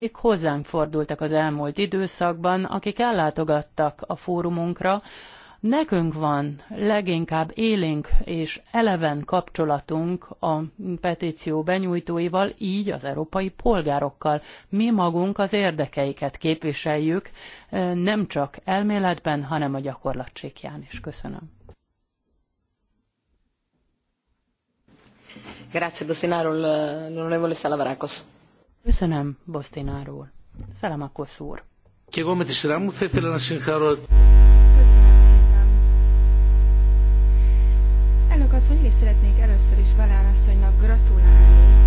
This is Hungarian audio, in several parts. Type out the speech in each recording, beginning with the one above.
akik hozzánk fordultak az elmúlt időszakban, akik ellátogattak a fórumunkra, Nekünk van leginkább élénk és eleven kapcsolatunk a petíció benyújtóival, így az európai polgárokkal. Mi magunk az érdekeiket képviseljük, eh, nem csak elméletben, hanem a gyakorlatsékján is. Köszönöm. Grazie, Dosinaro, l'onorevole Salavrakos. Köszönöm, Bosztinár úr. Szelemakosz úr. Köszönöm szépen. Elnök asszony, én is szeretnék először is Balán asszonynak gratulálni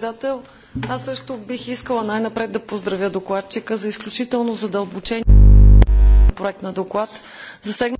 председател. Аз също бих искала най-напред да поздравя докладчика за изключително задълбочен проект на доклад. Засегна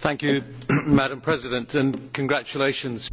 Thank you, Madam President, and congratulations.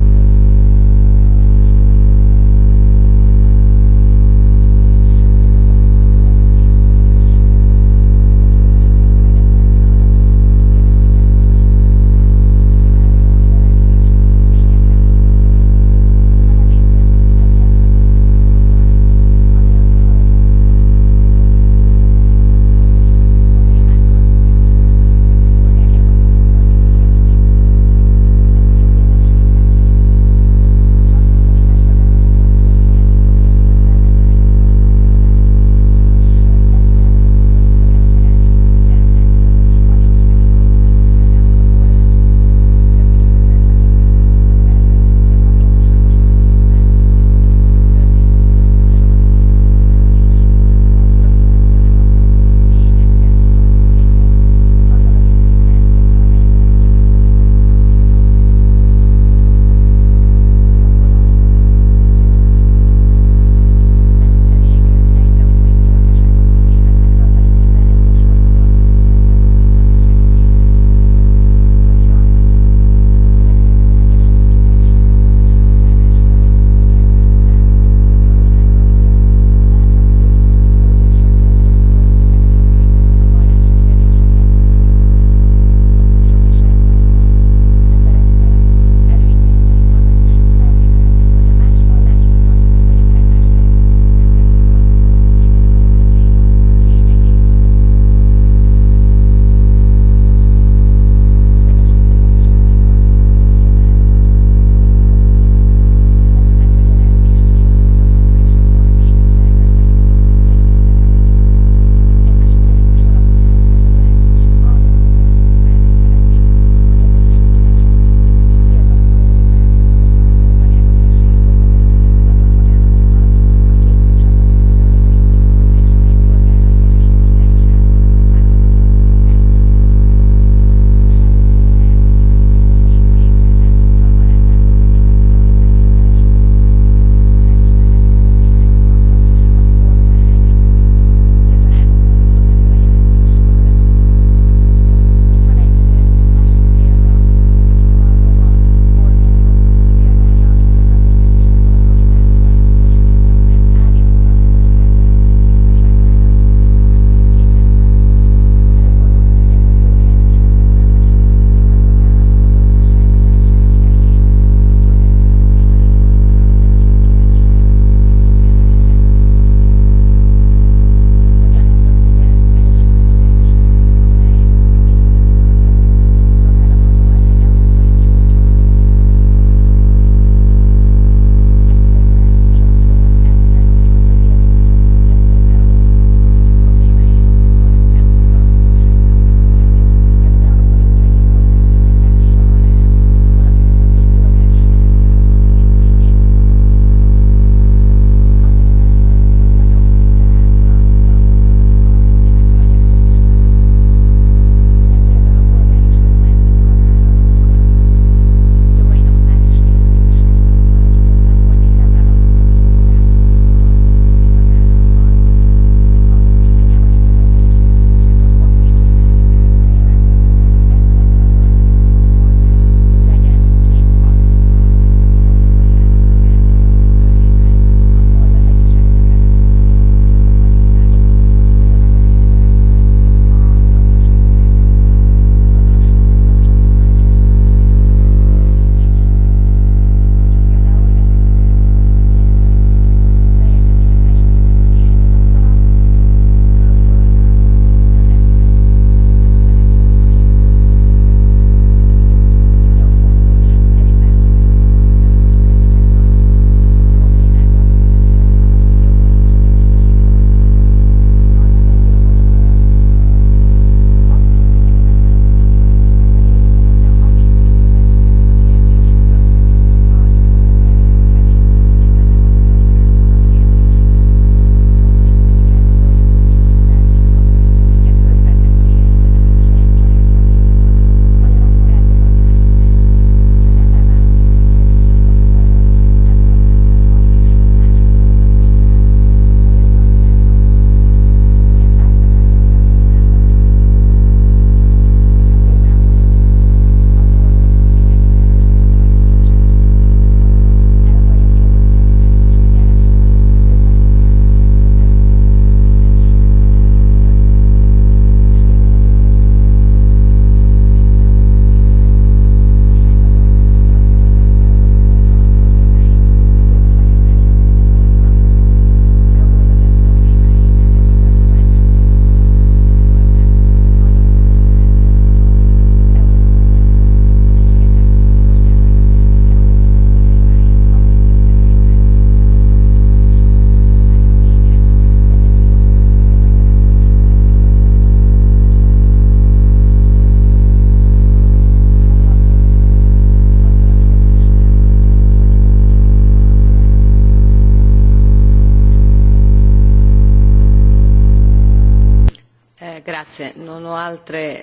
altre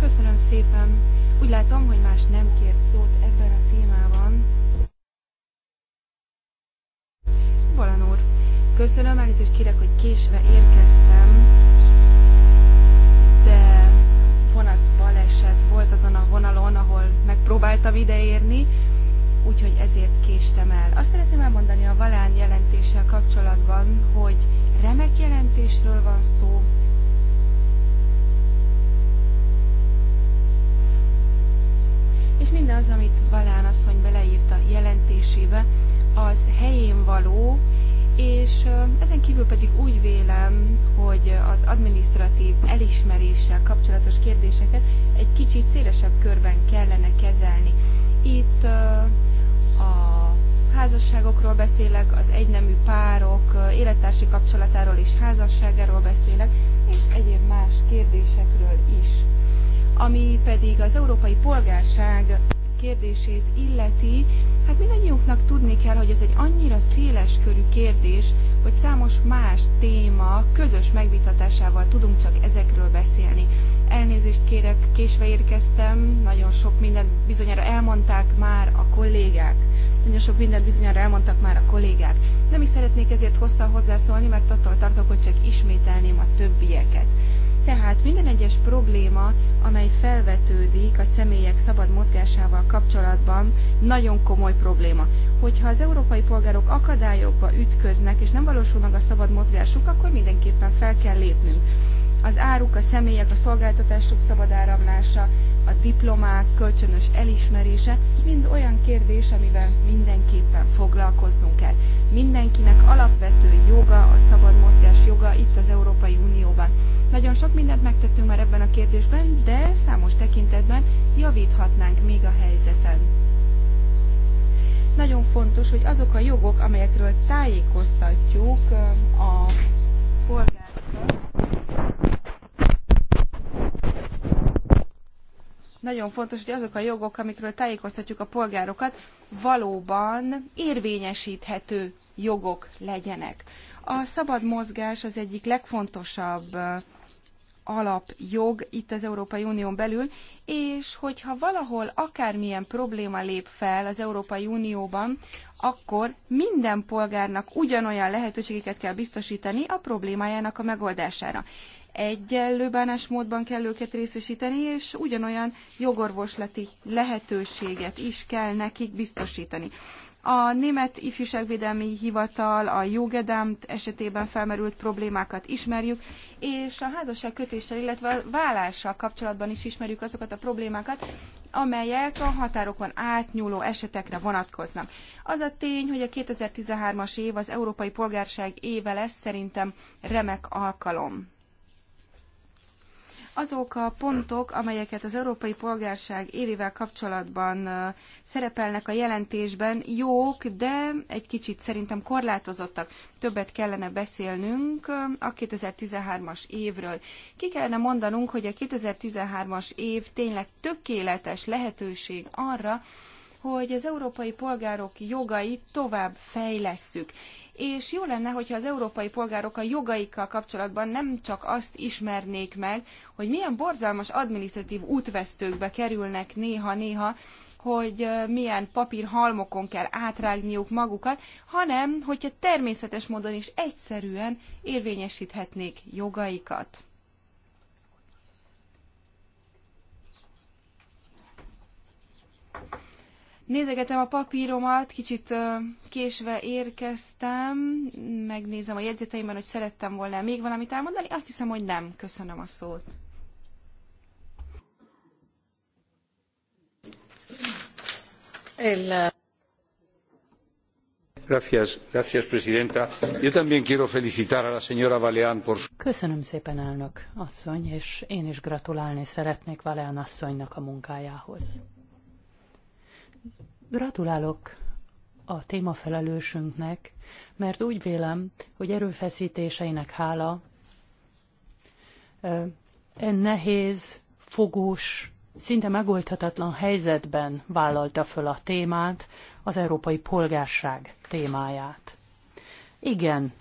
Köszönöm szépen. Úgy látom, hogy más nem kért szót ebben a témában. Balan úr, köszönöm, elnézést kérek, hogy késve érkeztem, de vonat baleset volt azon a vonalon, ahol megpróbáltam ideérni, úgyhogy ezért késtem el. Azt szeretném elmondani a Valán jelentéssel kapcsolatban, hogy remek jelentésről van szó, és mindaz, amit Balán asszony beleírt a jelentésébe, az helyén való, és ezen kívül pedig úgy vélem, hogy az administratív elismeréssel kapcsolatos kérdéseket egy kicsit szélesebb körben kellene kezelni. Itt a házasságokról beszélek, az egynemű párok élettársi kapcsolatáról és házasságáról beszélek, és egyéb más kérdésekről is. Ami pedig az európai polgárság kérdését illeti, hát mindannyiunknak tudni kell, hogy ez egy annyira széles körű kérdés, hogy számos más téma közös megvitatásával tudunk csak ezekről beszélni. Elnézést kérek, késve érkeztem, nagyon sok mindent bizonyára elmondták már a kollégák. Nagyon sok mindent bizonyára elmondtak már a kollégák. Nem is szeretnék ezért hosszan hozzászólni, mert attól tartok, hogy csak ismételném a többieket tehát minden egyes probléma, amely felvetődik a személyek szabad mozgásával kapcsolatban, nagyon komoly probléma. Hogyha az európai polgárok akadályokba ütköznek, és nem valósul meg a szabad mozgásuk, akkor mindenképpen fel kell lépnünk az áruk, a személyek, a szolgáltatások szabad áramlása, a diplomák kölcsönös elismerése, mind olyan kérdés, amivel mindenképpen foglalkoznunk kell. Mindenkinek alapvető joga, a szabad mozgás joga itt az Európai Unióban. Nagyon sok mindent megtettünk már ebben a kérdésben, de számos tekintetben javíthatnánk még a helyzeten. Nagyon fontos, hogy azok a jogok, amelyekről tájékoztatjuk a polgárokat, nagyon fontos, hogy azok a jogok, amikről tájékoztatjuk a polgárokat, valóban érvényesíthető jogok legyenek. A szabad mozgás az egyik legfontosabb alapjog itt az Európai Unión belül, és hogyha valahol akármilyen probléma lép fel az Európai Unióban, akkor minden polgárnak ugyanolyan lehetőségeket kell biztosítani a problémájának a megoldására egyenlő bánásmódban kell őket részesíteni, és ugyanolyan jogorvoslati lehetőséget is kell nekik biztosítani. A Német Ifjúságvédelmi Hivatal a jogedámt esetében felmerült problémákat ismerjük, és a házasság kötéssel, illetve a vállással kapcsolatban is ismerjük azokat a problémákat, amelyek a határokon átnyúló esetekre vonatkoznak. Az a tény, hogy a 2013-as év az Európai Polgárság éve lesz szerintem remek alkalom. Azok a pontok, amelyeket az európai polgárság évével kapcsolatban szerepelnek a jelentésben, jók, de egy kicsit szerintem korlátozottak. Többet kellene beszélnünk a 2013-as évről. Ki kellene mondanunk, hogy a 2013-as év tényleg tökéletes lehetőség arra, hogy az európai polgárok jogait tovább fejlesszük. És jó lenne, hogyha az európai polgárok a jogaikkal kapcsolatban nem csak azt ismernék meg, hogy milyen borzalmas administratív útvesztőkbe kerülnek néha-néha, hogy milyen papírhalmokon kell átrágniuk magukat, hanem hogyha természetes módon is egyszerűen érvényesíthetnék jogaikat. Nézegetem a papíromat, kicsit késve érkeztem, megnézem a jegyzeteimben, hogy szerettem volna -e még valamit elmondani, azt hiszem, hogy nem. Köszönöm a szót. Uh, gracias, gracias, presidenta. Yo también quiero felicitar a la señora Baleán por Köszönöm szépen, elnök asszony, és én is gratulálni szeretnék Valean asszonynak a munkájához. Gratulálok a témafelelősünknek, mert úgy vélem, hogy erőfeszítéseinek hála e nehéz, fogós, szinte megoldhatatlan helyzetben vállalta föl a témát, az európai polgárság témáját. Igen,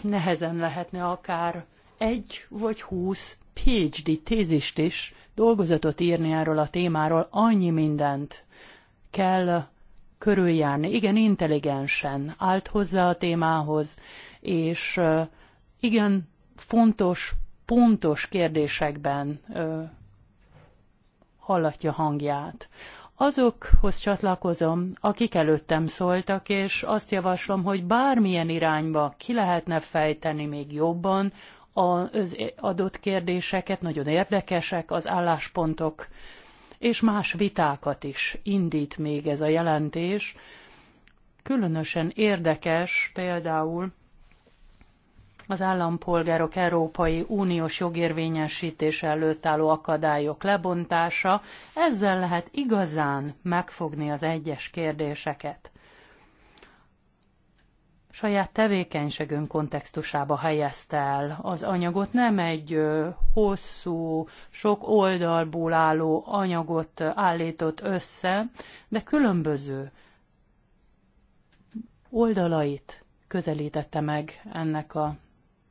nehezen lehetne akár egy vagy húsz PhD tézist is, dolgozatot írni erről a témáról, annyi mindent kell körüljárni. Igen, intelligensen állt hozzá a témához, és igen, fontos, pontos kérdésekben hallatja hangját. Azokhoz csatlakozom, akik előttem szóltak, és azt javaslom, hogy bármilyen irányba ki lehetne fejteni még jobban az adott kérdéseket, nagyon érdekesek az álláspontok és más vitákat is indít még ez a jelentés. Különösen érdekes például az állampolgárok Európai Uniós jogérvényesítés előtt álló akadályok lebontása, ezzel lehet igazán megfogni az egyes kérdéseket saját tevékenységünk kontextusába helyezte el az anyagot, nem egy hosszú, sok oldalból álló anyagot állított össze, de különböző oldalait közelítette meg ennek a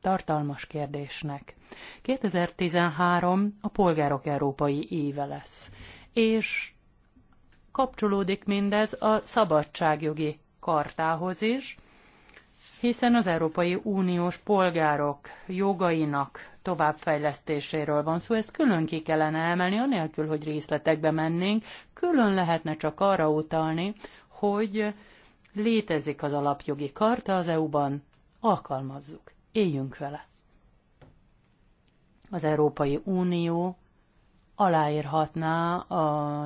tartalmas kérdésnek. 2013 a Polgárok Európai Éve lesz, és kapcsolódik mindez a szabadságjogi kartához is, hiszen az Európai Uniós polgárok jogainak továbbfejlesztéséről van szó, szóval ezt külön ki kellene emelni, anélkül, hogy részletekbe mennénk, külön lehetne csak arra utalni, hogy létezik az alapjogi karta az EU-ban, alkalmazzuk, éljünk vele. Az Európai Unió aláírhatná a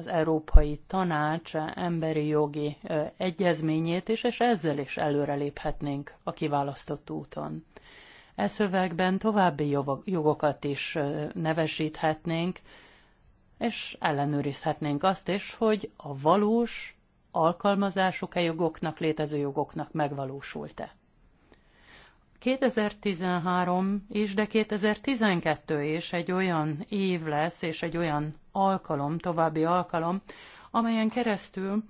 az Európai Tanács emberi jogi egyezményét is, és ezzel is előreléphetnénk a kiválasztott úton. E szövegben további jogokat is nevesíthetnénk, és ellenőrizhetnénk azt is, hogy a valós alkalmazásuk-e jogoknak, létező jogoknak megvalósult-e. 2013 is, de 2012 is egy olyan év lesz, és egy olyan alkalom, további alkalom, amelyen keresztül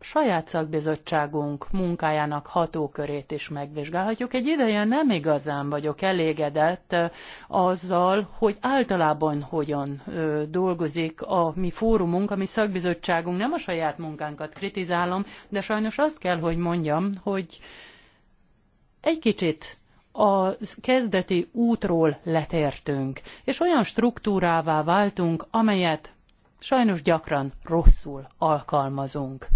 saját szakbizottságunk munkájának hatókörét is megvizsgálhatjuk. Egy ideje nem igazán vagyok elégedett azzal, hogy általában hogyan dolgozik a mi fórumunk, a mi szakbizottságunk. Nem a saját munkánkat kritizálom, de sajnos azt kell, hogy mondjam, hogy egy kicsit a kezdeti útról letértünk, és olyan struktúrává váltunk, amelyet sajnos gyakran rosszul alkalmazunk.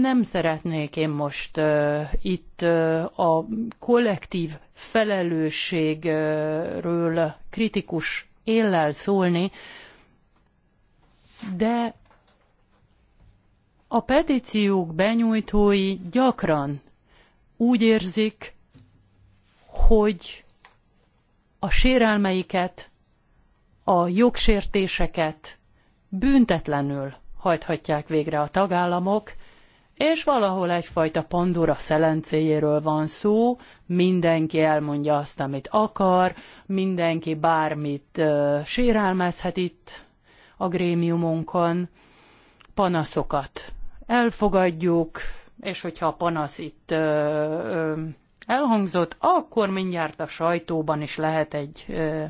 Nem szeretnék én most uh, itt uh, a kollektív felelősségről kritikus éllel szólni, de a petíciók benyújtói gyakran úgy érzik, hogy a sérelmeiket, a jogsértéseket büntetlenül hajthatják végre a tagállamok, és valahol egyfajta Pandora szelencéjéről van szó, mindenki elmondja azt, amit akar, mindenki bármit uh, sérelmezhet itt a grémiumunkon, panaszokat elfogadjuk, és hogyha a panasz itt uh, elhangzott, akkor mindjárt a sajtóban is lehet egy ö,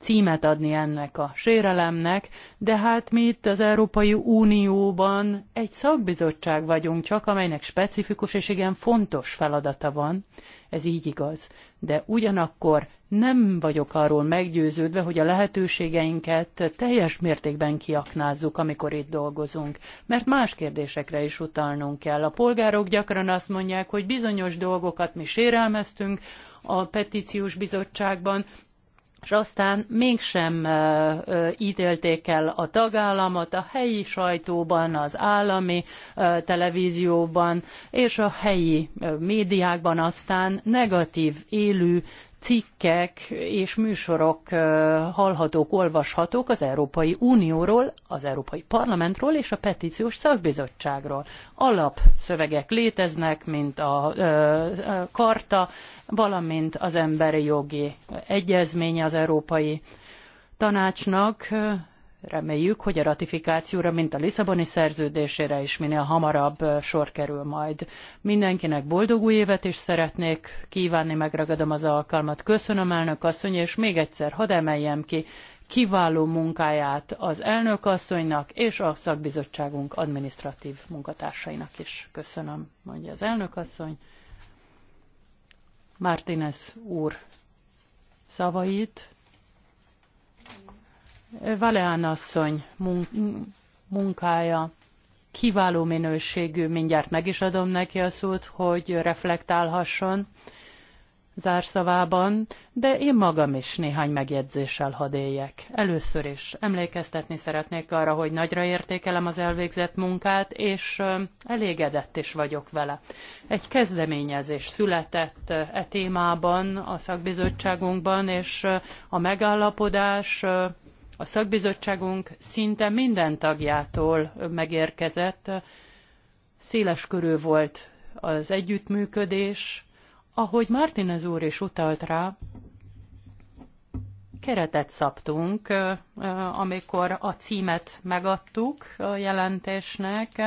címet adni ennek a sérelemnek, de hát mi itt az Európai Unióban egy szakbizottság vagyunk csak, amelynek specifikus és igen fontos feladata van, ez így igaz. De ugyanakkor nem vagyok arról meggyőződve, hogy a lehetőségeinket teljes mértékben kiaknázzuk, amikor itt dolgozunk. Mert más kérdésekre is utalnunk kell. A polgárok gyakran azt mondják, hogy bizonyos dolgokat mi sérelmeztünk a petíciós bizottságban, és aztán mégsem ítélték el a tagállamot a helyi sajtóban, az állami televízióban és a helyi médiákban aztán negatív élő cikkek és műsorok hallhatók, olvashatók az Európai Unióról, az Európai Parlamentről és a Petíciós Szakbizottságról. Alapszövegek léteznek, mint a, karta, valamint az emberi jogi egyezménye az Európai Tanácsnak, Reméljük, hogy a ratifikációra, mint a Lisszaboni szerződésére is minél hamarabb sor kerül majd. Mindenkinek boldog új évet is szeretnék kívánni, megragadom az alkalmat. Köszönöm elnök asszony, és még egyszer hadd emeljem ki kiváló munkáját az elnök asszonynak és a szakbizottságunk administratív munkatársainak is. Köszönöm, mondja az elnök asszony. Martínez úr szavait Valeán asszony munkája kiváló minőségű, mindjárt meg is adom neki a szót, hogy reflektálhasson zárszavában, de én magam is néhány megjegyzéssel hadd éljek. Először is emlékeztetni szeretnék arra, hogy nagyra értékelem az elvégzett munkát, és elégedett is vagyok vele. Egy kezdeményezés született e témában a szakbizottságunkban, és a megállapodás a szakbizottságunk szinte minden tagjától megérkezett, széles körű volt az együttműködés, ahogy Martinez úr is utalt rá, keretet szabtunk, amikor a címet megadtuk a jelentésnek,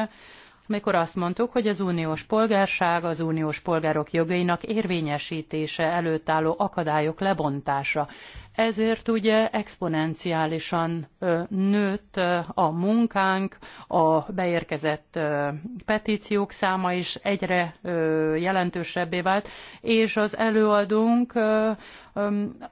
amikor azt mondtuk, hogy az uniós polgárság az uniós polgárok jogainak érvényesítése előtt álló akadályok lebontása ezért ugye exponenciálisan nőtt a munkánk, a beérkezett petíciók száma is egyre jelentősebbé vált, és az előadónk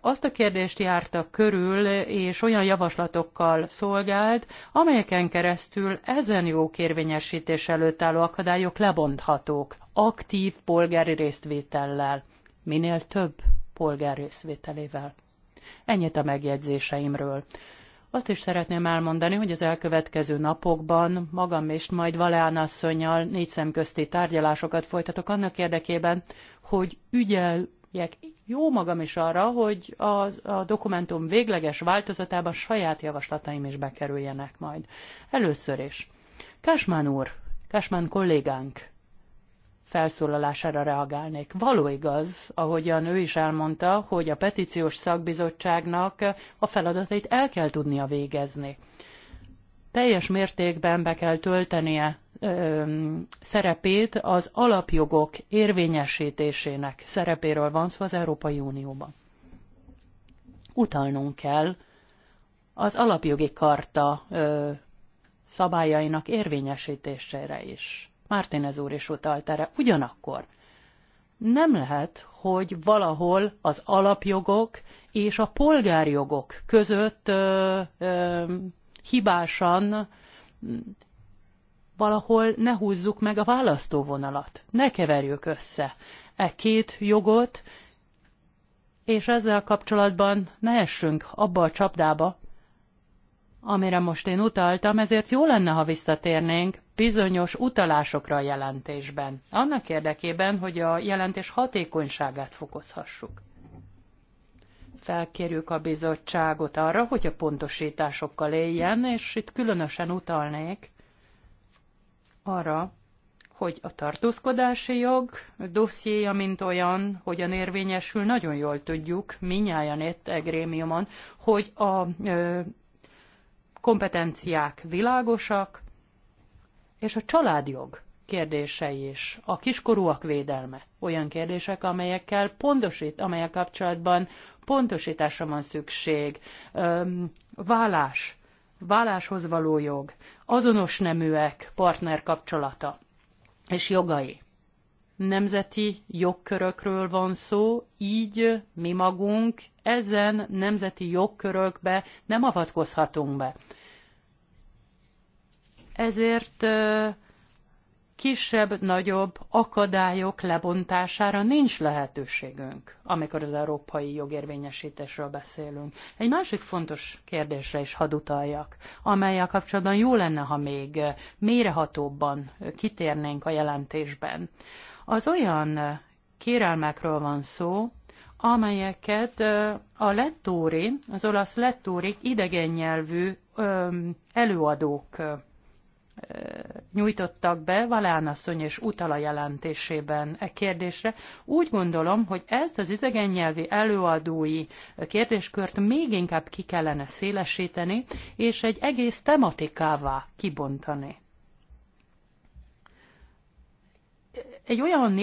azt a kérdést járta körül, és olyan javaslatokkal szolgált, amelyeken keresztül ezen jó kérvényesítés előtt álló akadályok lebonthatók aktív polgári résztvétellel, minél több polgár részvételével. Ennyit a megjegyzéseimről. Azt is szeretném elmondani, hogy az elkövetkező napokban magam és majd Valeán asszonynal négy szemközti tárgyalásokat folytatok annak érdekében, hogy ügyeljek jó magam is arra, hogy a, a dokumentum végleges változatában saját javaslataim is bekerüljenek majd. Először is. Kásmán úr, Kásmán kollégánk felszólalására reagálnék. Való igaz, ahogyan ő is elmondta, hogy a petíciós szakbizottságnak a feladatait el kell tudnia végezni. Teljes mértékben be kell töltenie szerepét az alapjogok érvényesítésének szerepéről van szó az Európai Unióban. Utalnunk kell az alapjogi karta ö, szabályainak érvényesítésére is Mártinez úr is utalt erre. Ugyanakkor nem lehet, hogy valahol az alapjogok és a polgárjogok között ö, ö, hibásan valahol ne húzzuk meg a választóvonalat, ne keverjük össze e két jogot, és ezzel kapcsolatban ne essünk abba a csapdába, amire most én utaltam, ezért jó lenne, ha visszatérnénk bizonyos utalásokra a jelentésben, annak érdekében, hogy a jelentés hatékonyságát fokozhassuk. Felkérjük a bizottságot arra, hogy a pontosításokkal éljen, és itt különösen utalnék arra, hogy a tartózkodási jog dossziéja, mint olyan, hogyan érvényesül, nagyon jól tudjuk minnyáján itt e grémiumon, hogy a ö, kompetenciák világosak, és a családjog kérdései is, a kiskorúak védelme, olyan kérdések, amelyekkel pontosít, amelyek kapcsolatban pontosításra van szükség, vállás, válláshoz való jog, azonos neműek partner kapcsolata és jogai nemzeti jogkörökről van szó, így mi magunk ezen nemzeti jogkörökbe nem avatkozhatunk be. Ezért kisebb-nagyobb akadályok lebontására nincs lehetőségünk, amikor az európai jogérvényesítésről beszélünk. Egy másik fontos kérdésre is hadd utaljak, amelyel kapcsolatban jó lenne, ha még mérehatóbban kitérnénk a jelentésben. Az olyan kérelmekről van szó, amelyeket a lettóri, az olasz lettóri idegen nyelvű előadók nyújtottak be Valánasszony és Utala jelentésében e kérdésre. Úgy gondolom, hogy ezt az nyelvi előadói kérdéskört még inkább ki kellene szélesíteni, és egy egész tematikává kibontani. Egy olyan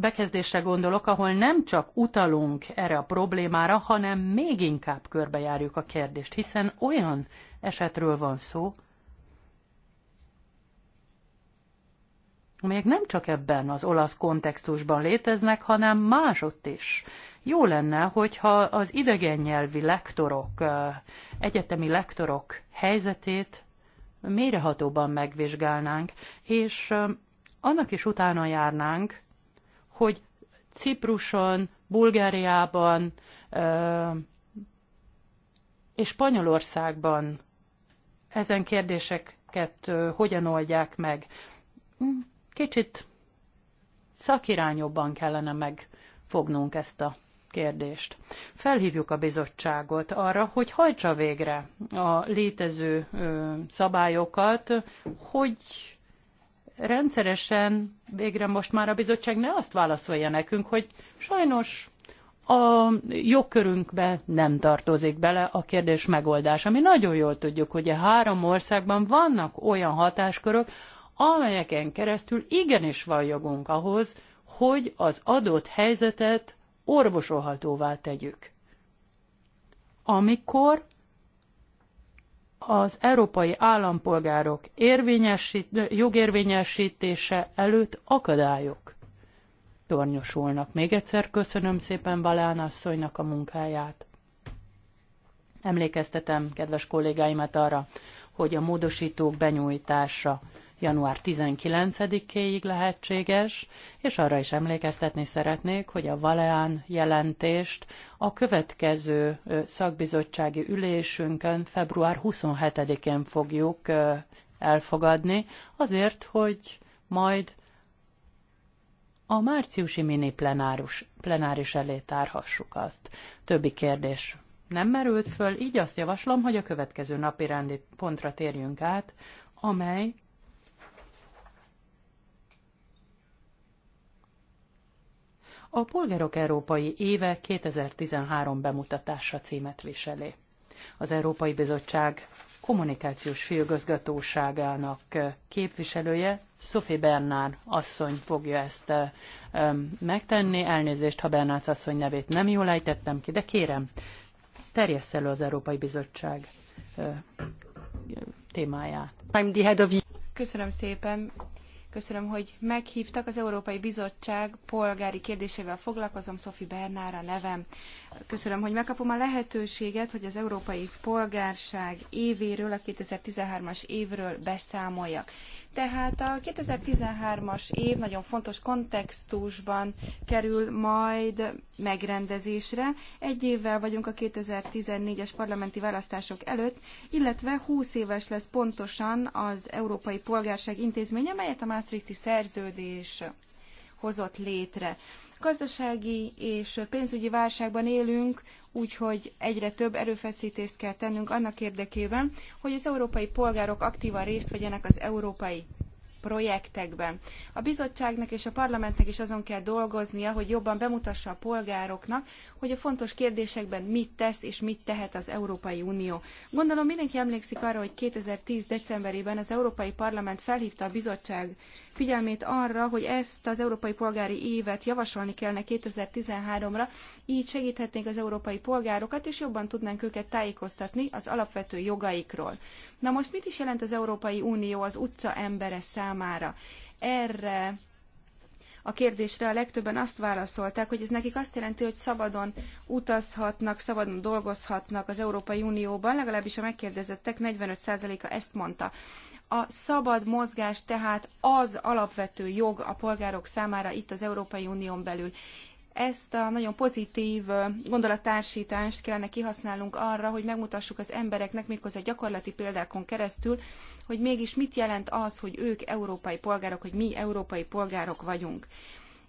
bekezdésre gondolok, ahol nem csak utalunk erre a problémára, hanem még inkább körbejárjuk a kérdést, hiszen olyan esetről van szó, amelyek nem csak ebben az olasz kontextusban léteznek, hanem másott is. Jó lenne, hogyha az idegen nyelvi lektorok, egyetemi lektorok helyzetét mérehatóban megvizsgálnánk, és annak is utána járnánk, hogy Cipruson, Bulgáriában és Spanyolországban ezen kérdéseket hogyan oldják meg. Kicsit szakirányobban kellene megfognunk ezt a kérdést. Felhívjuk a bizottságot arra, hogy hajtsa végre a létező szabályokat, hogy rendszeresen végre most már a bizottság ne azt válaszolja nekünk, hogy sajnos a jogkörünkbe nem tartozik bele a kérdés megoldása. Mi nagyon jól tudjuk, hogy a három országban vannak olyan hatáskörök, amelyeken keresztül igenis van jogunk ahhoz, hogy az adott helyzetet orvosolhatóvá tegyük. Amikor az európai állampolgárok érvényesít, jogérvényesítése előtt akadályok tornyosulnak. Még egyszer köszönöm szépen Balán asszonynak a munkáját. Emlékeztetem kedves kollégáimat arra, hogy a módosítók benyújtása január 19-éig lehetséges, és arra is emlékeztetni szeretnék, hogy a Valeán jelentést a következő szakbizottsági ülésünkön február 27-én fogjuk elfogadni, azért, hogy majd a márciusi mini plenárus, plenáris elé tárhassuk azt. Többi kérdés nem merült föl, így azt javaslom, hogy a következő napi rendi pontra térjünk át, amely a Polgárok Európai Éve 2013 bemutatása címet viseli. Az Európai Bizottság kommunikációs főgazgatóságának képviselője, Sophie Bernard asszony fogja ezt megtenni. Elnézést, ha Bernard asszony nevét nem jól ejtettem ki, de kérem, terjessz elő az Európai Bizottság témáját. Köszönöm szépen. Köszönöm, hogy meghívtak. Az Európai Bizottság polgári kérdésével foglalkozom, Szofi Bernára nevem. Köszönöm, hogy megkapom a lehetőséget, hogy az Európai Polgárság évéről, a 2013-as évről beszámoljak. Tehát a 2013-as év nagyon fontos kontextusban kerül majd megrendezésre. Egy évvel vagyunk a 2014-es parlamenti választások előtt, illetve 20 éves lesz pontosan az Európai Polgárság intézménye, amelyet a Maastrichti szerződés hozott létre. Gazdasági és pénzügyi válságban élünk, úgyhogy egyre több erőfeszítést kell tennünk annak érdekében, hogy az európai polgárok aktívan részt vegyenek az európai projektekben. A bizottságnak és a parlamentnek is azon kell dolgoznia, hogy jobban bemutassa a polgároknak, hogy a fontos kérdésekben mit tesz és mit tehet az Európai Unió. Gondolom mindenki emlékszik arra, hogy 2010. decemberében az Európai Parlament felhívta a bizottság figyelmét arra, hogy ezt az európai polgári évet javasolni kellene 2013-ra, így segíthetnénk az európai polgárokat, és jobban tudnánk őket tájékoztatni az alapvető jogaikról. Na most mit is jelent az Európai Unió az utca embere számára? Erre a kérdésre a legtöbben azt válaszolták, hogy ez nekik azt jelenti, hogy szabadon utazhatnak, szabadon dolgozhatnak az Európai Unióban, legalábbis a megkérdezettek 45%-a ezt mondta. A szabad mozgás tehát az alapvető jog a polgárok számára itt az Európai Unión belül. Ezt a nagyon pozitív gondolattársítást kellene kihasználnunk arra, hogy megmutassuk az embereknek méghozzá gyakorlati példákon keresztül, hogy mégis mit jelent az, hogy ők európai polgárok, hogy mi európai polgárok vagyunk.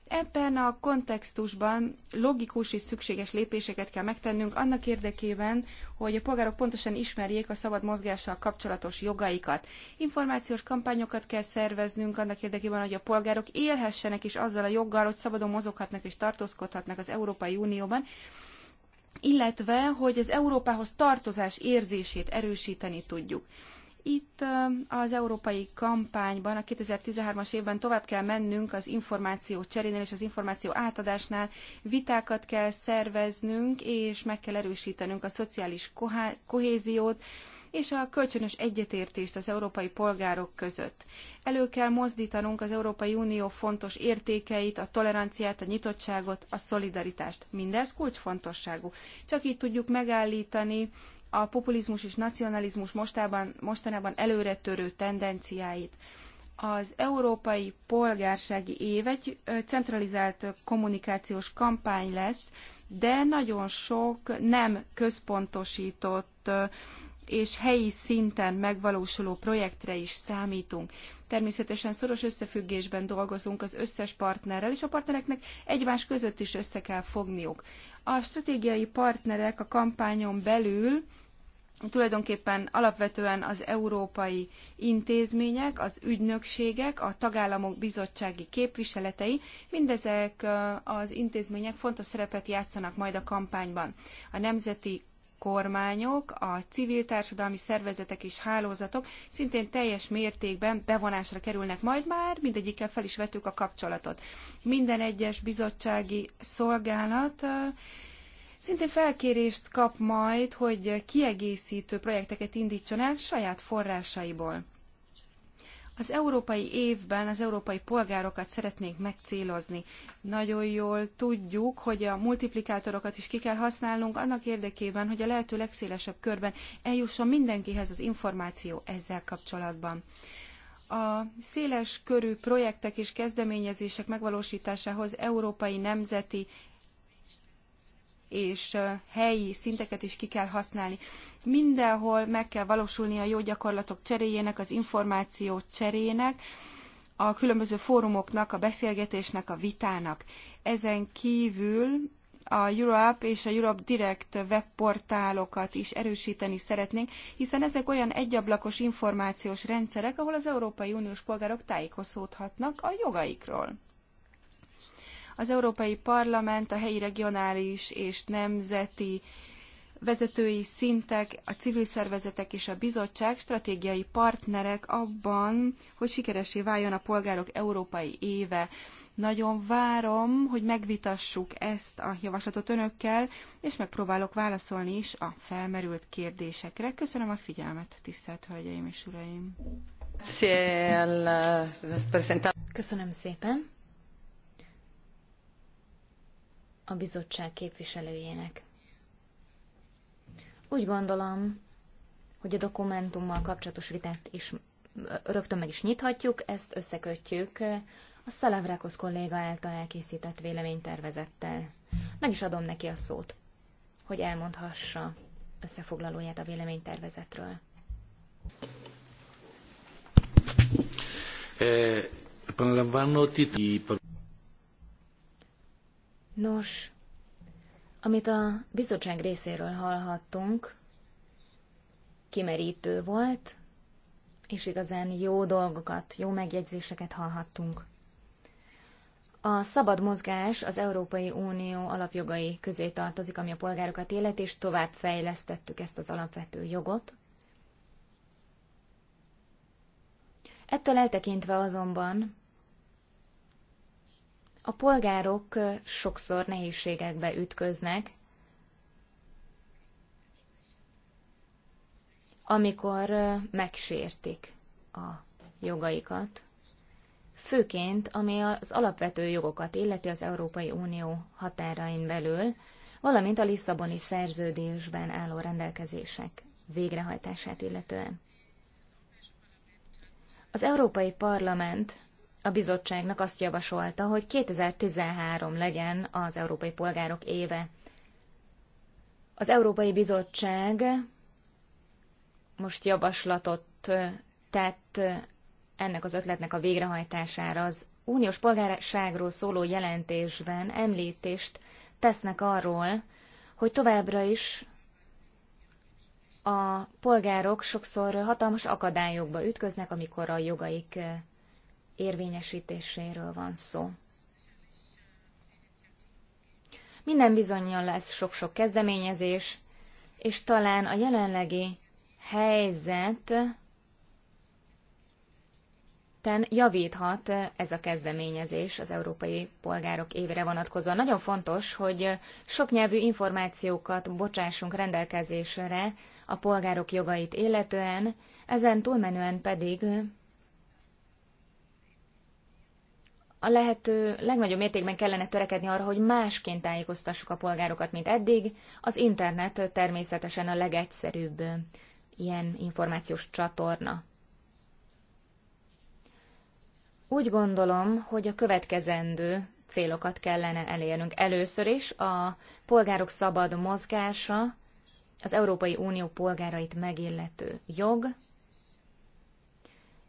Ebben a kontextusban logikus és szükséges lépéseket kell megtennünk annak érdekében, hogy a polgárok pontosan ismerjék a szabad mozgással kapcsolatos jogaikat. Információs kampányokat kell szerveznünk annak érdekében, hogy a polgárok élhessenek is azzal a joggal, hogy szabadon mozoghatnak és tartózkodhatnak az Európai Unióban, illetve hogy az Európához tartozás érzését erősíteni tudjuk. Itt az európai kampányban a 2013-as évben tovább kell mennünk az információ cserénél és az információ átadásnál, vitákat kell szerveznünk, és meg kell erősítenünk a szociális kohéziót, és a kölcsönös egyetértést az európai polgárok között. Elő kell mozdítanunk az Európai Unió fontos értékeit, a toleranciát, a nyitottságot, a szolidaritást. Mindez kulcsfontosságú. Csak így tudjuk megállítani a populizmus és nacionalizmus mostában, mostanában előretörő tendenciáit. Az Európai Polgársági Év egy centralizált kommunikációs kampány lesz, de nagyon sok nem központosított és helyi szinten megvalósuló projektre is számítunk. Természetesen szoros összefüggésben dolgozunk az összes partnerrel, és a partnereknek egymás között is össze kell fogniuk. A stratégiai partnerek a kampányon belül tulajdonképpen alapvetően az európai intézmények, az ügynökségek, a tagállamok bizottsági képviseletei, mindezek az intézmények fontos szerepet játszanak majd a kampányban. A nemzeti kormányok, a civil társadalmi szervezetek és hálózatok szintén teljes mértékben bevonásra kerülnek majd már, mindegyikkel fel is vettük a kapcsolatot. Minden egyes bizottsági szolgálat szintén felkérést kap majd, hogy kiegészítő projekteket indítson el saját forrásaiból. Az európai évben az európai polgárokat szeretnénk megcélozni. Nagyon jól tudjuk, hogy a multiplikátorokat is ki kell használnunk annak érdekében, hogy a lehető legszélesebb körben eljusson mindenkihez az információ ezzel kapcsolatban. A széles körű projektek és kezdeményezések megvalósításához európai nemzeti és helyi szinteket is ki kell használni. Mindenhol meg kell valósulni a jó gyakorlatok cseréjének, az információ cseréjének, a különböző fórumoknak, a beszélgetésnek, a vitának. Ezen kívül a Europe és a Europe Direct webportálokat is erősíteni szeretnénk, hiszen ezek olyan egyablakos információs rendszerek, ahol az Európai Uniós polgárok tájékozódhatnak a jogaikról. Az Európai Parlament, a helyi regionális és nemzeti vezetői szintek, a civil szervezetek és a bizottság stratégiai partnerek abban, hogy sikeresé váljon a polgárok európai éve. Nagyon várom, hogy megvitassuk ezt a javaslatot önökkel, és megpróbálok válaszolni is a felmerült kérdésekre. Köszönöm a figyelmet, tisztelt Hölgyeim és Uraim! Köszönöm szépen! a bizottság képviselőjének. Úgy gondolom, hogy a dokumentummal kapcsolatos vitát is rögtön meg is nyithatjuk, ezt összekötjük a Szalavrákosz kolléga által elkészített véleménytervezettel. Meg is adom neki a szót, hogy elmondhassa összefoglalóját a véleménytervezetről. Επαναλαμβάνω eh, Nos, amit a bizottság részéről hallhattunk, kimerítő volt, és igazán jó dolgokat, jó megjegyzéseket hallhattunk. A szabad mozgás az Európai Unió alapjogai közé tartozik, ami a polgárokat élet, és tovább fejlesztettük ezt az alapvető jogot. Ettől eltekintve azonban a polgárok sokszor nehézségekbe ütköznek, amikor megsértik a jogaikat, főként ami az alapvető jogokat illeti az Európai Unió határain belül, valamint a Lisszaboni szerződésben álló rendelkezések végrehajtását illetően. Az Európai Parlament a bizottságnak azt javasolta, hogy 2013 legyen az Európai Polgárok éve. Az Európai Bizottság most javaslatot tett ennek az ötletnek a végrehajtására. Az uniós polgárságról szóló jelentésben említést tesznek arról, hogy továbbra is a polgárok sokszor hatalmas akadályokba ütköznek, amikor a jogaik érvényesítéséről van szó. Minden bizonyal lesz sok-sok kezdeményezés, és talán a jelenlegi helyzet ten javíthat ez a kezdeményezés az európai polgárok évre vonatkozóan. Nagyon fontos, hogy nyelvű információkat bocsássunk rendelkezésre a polgárok jogait illetően, ezen túlmenően pedig a lehető legnagyobb mértékben kellene törekedni arra, hogy másként tájékoztassuk a polgárokat, mint eddig. Az internet természetesen a legegyszerűbb ilyen információs csatorna. Úgy gondolom, hogy a következendő célokat kellene elérnünk. Először is a polgárok szabad mozgása, az Európai Unió polgárait megillető jog,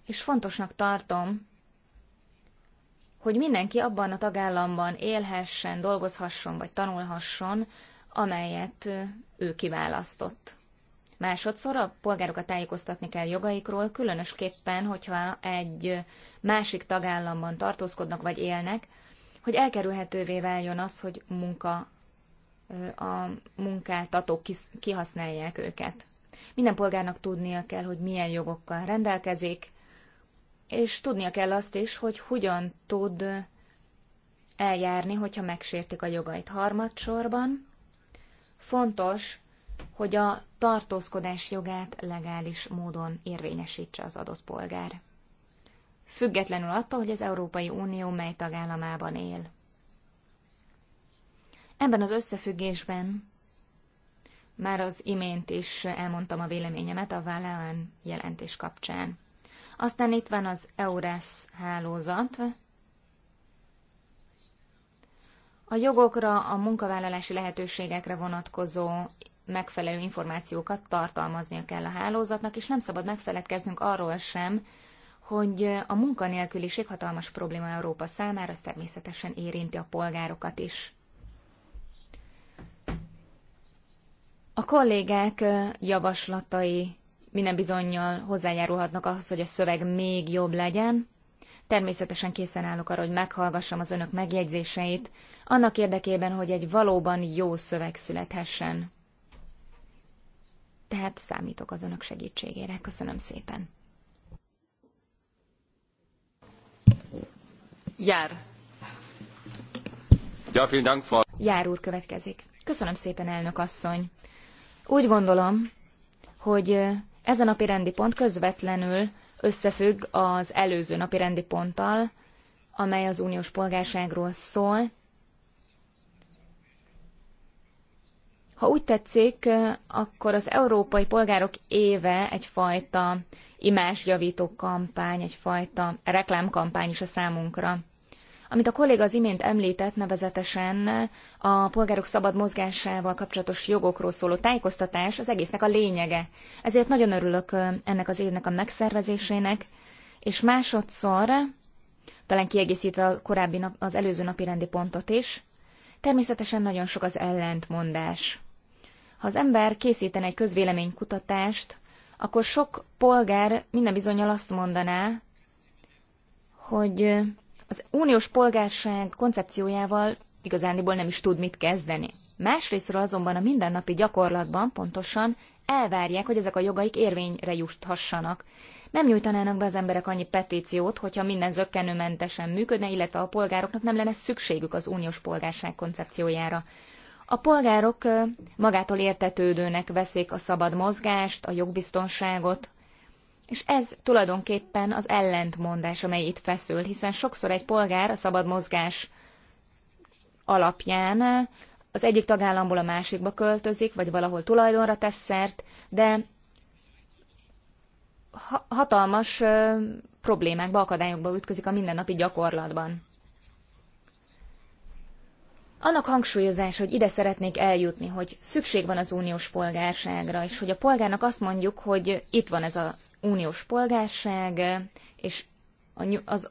és fontosnak tartom, hogy mindenki abban a tagállamban élhessen, dolgozhasson vagy tanulhasson, amelyet ő kiválasztott. Másodszor a polgárokat tájékoztatni kell jogaikról, különösképpen, hogyha egy másik tagállamban tartózkodnak vagy élnek, hogy elkerülhetővé váljon az, hogy munka, a munkáltatók kihasználják őket. Minden polgárnak tudnia kell, hogy milyen jogokkal rendelkezik, és tudnia kell azt is, hogy hogyan tud eljárni, hogyha megsértik a jogait harmadsorban. Fontos, hogy a tartózkodás jogát legális módon érvényesítse az adott polgár. Függetlenül attól, hogy az Európai Unió mely tagállamában él. Ebben az összefüggésben már az imént is elmondtam a véleményemet a Vállán jelentés kapcsán. Aztán itt van az EURES hálózat. A jogokra, a munkavállalási lehetőségekre vonatkozó megfelelő információkat tartalmaznia kell a hálózatnak, és nem szabad megfeledkeznünk arról sem, hogy a munkanélküliség hatalmas probléma Európa számára, az természetesen érinti a polgárokat is. A kollégák javaslatai minden bizonyal hozzájárulhatnak ahhoz, hogy a szöveg még jobb legyen. Természetesen készen állok arra, hogy meghallgassam az önök megjegyzéseit, annak érdekében, hogy egy valóban jó szöveg születhessen. Tehát számítok az önök segítségére. Köszönöm szépen. Jár. Ja, vielen Dank, Frau. Jár úr következik. Köszönöm szépen, elnök asszony. Úgy gondolom, hogy ez a napi rendi pont közvetlenül összefügg az előző napi rendi ponttal, amely az uniós polgárságról szól. Ha úgy tetszik, akkor az Európai Polgárok éve egyfajta imásjavító kampány, egyfajta reklámkampány is a számunkra. Amit a kolléga az imént említett, nevezetesen a polgárok szabad mozgásával kapcsolatos jogokról szóló tájékoztatás az egésznek a lényege. Ezért nagyon örülök ennek az évnek a megszervezésének, és másodszor, talán kiegészítve a korábbi nap, az előző napi rendi pontot is, természetesen nagyon sok az ellentmondás. Ha az ember készítene egy közvéleménykutatást, akkor sok polgár minden bizonyal azt mondaná, hogy az uniós polgárság koncepciójával igazániból nem is tud mit kezdeni. Másrésztről azonban a mindennapi gyakorlatban pontosan elvárják, hogy ezek a jogaik érvényre juthassanak. Nem nyújtanának be az emberek annyi petíciót, hogyha minden zöggenőmentesen működne, illetve a polgároknak nem lenne szükségük az uniós polgárság koncepciójára. A polgárok magától értetődőnek veszik a szabad mozgást, a jogbiztonságot, és ez tulajdonképpen az ellentmondás, amely itt feszül, hiszen sokszor egy polgár a szabad mozgás alapján az egyik tagállamból a másikba költözik, vagy valahol tulajdonra tesz szert, de hatalmas problémákba, akadályokba ütközik a mindennapi gyakorlatban. Annak hangsúlyozása, hogy ide szeretnék eljutni, hogy szükség van az uniós polgárságra, és hogy a polgárnak azt mondjuk, hogy itt van ez az uniós polgárság, és az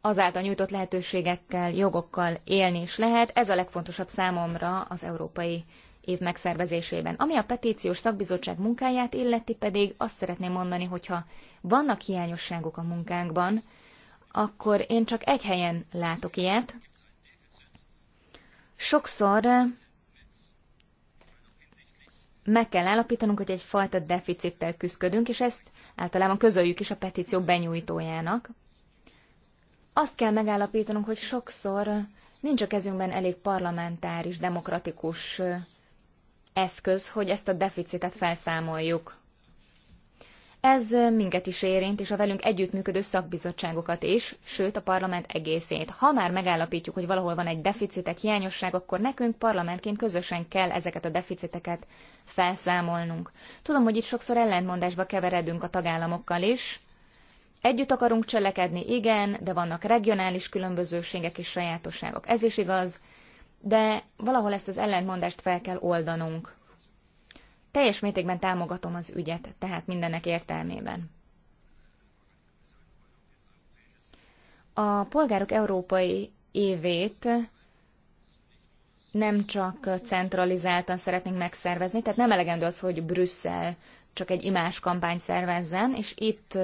azáltal nyújtott lehetőségekkel, jogokkal élni is lehet. Ez a legfontosabb számomra az európai év megszervezésében. Ami a petíciós szakbizottság munkáját illeti pedig, azt szeretném mondani, hogyha vannak hiányosságok a munkánkban, akkor én csak egy helyen látok ilyet, Sokszor meg kell állapítanunk, hogy egyfajta deficittel küzdködünk, és ezt általában közöljük is a petíció benyújtójának. Azt kell megállapítanunk, hogy sokszor nincs a kezünkben elég parlamentáris, demokratikus eszköz, hogy ezt a deficitet felszámoljuk. Ez minket is érint, és a velünk együttműködő szakbizottságokat is, sőt a parlament egészét. Ha már megállapítjuk, hogy valahol van egy deficitek, hiányosság, akkor nekünk parlamentként közösen kell ezeket a deficiteket felszámolnunk. Tudom, hogy itt sokszor ellentmondásba keveredünk a tagállamokkal is. Együtt akarunk cselekedni, igen, de vannak regionális különbözőségek és sajátosságok. Ez is igaz, de valahol ezt az ellentmondást fel kell oldanunk. Teljes mértékben támogatom az ügyet, tehát mindennek értelmében. A polgárok európai évét nem csak centralizáltan szeretnénk megszervezni, tehát nem elegendő az, hogy Brüsszel csak egy imás kampány szervezzen, és itt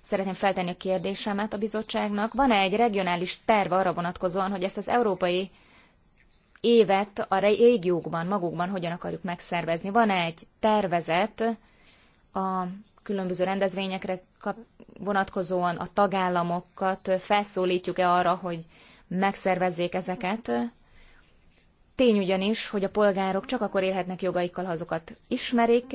szeretném feltenni a kérdésemet a bizottságnak. Van-e egy regionális terv arra vonatkozóan, hogy ezt az európai évet a régiókban, magukban hogyan akarjuk megszervezni. Van -e egy tervezet a különböző rendezvényekre vonatkozóan a tagállamokat felszólítjuk-e arra, hogy megszervezzék ezeket. Tény ugyanis, hogy a polgárok csak akkor élhetnek jogaikkal, ha azokat ismerik,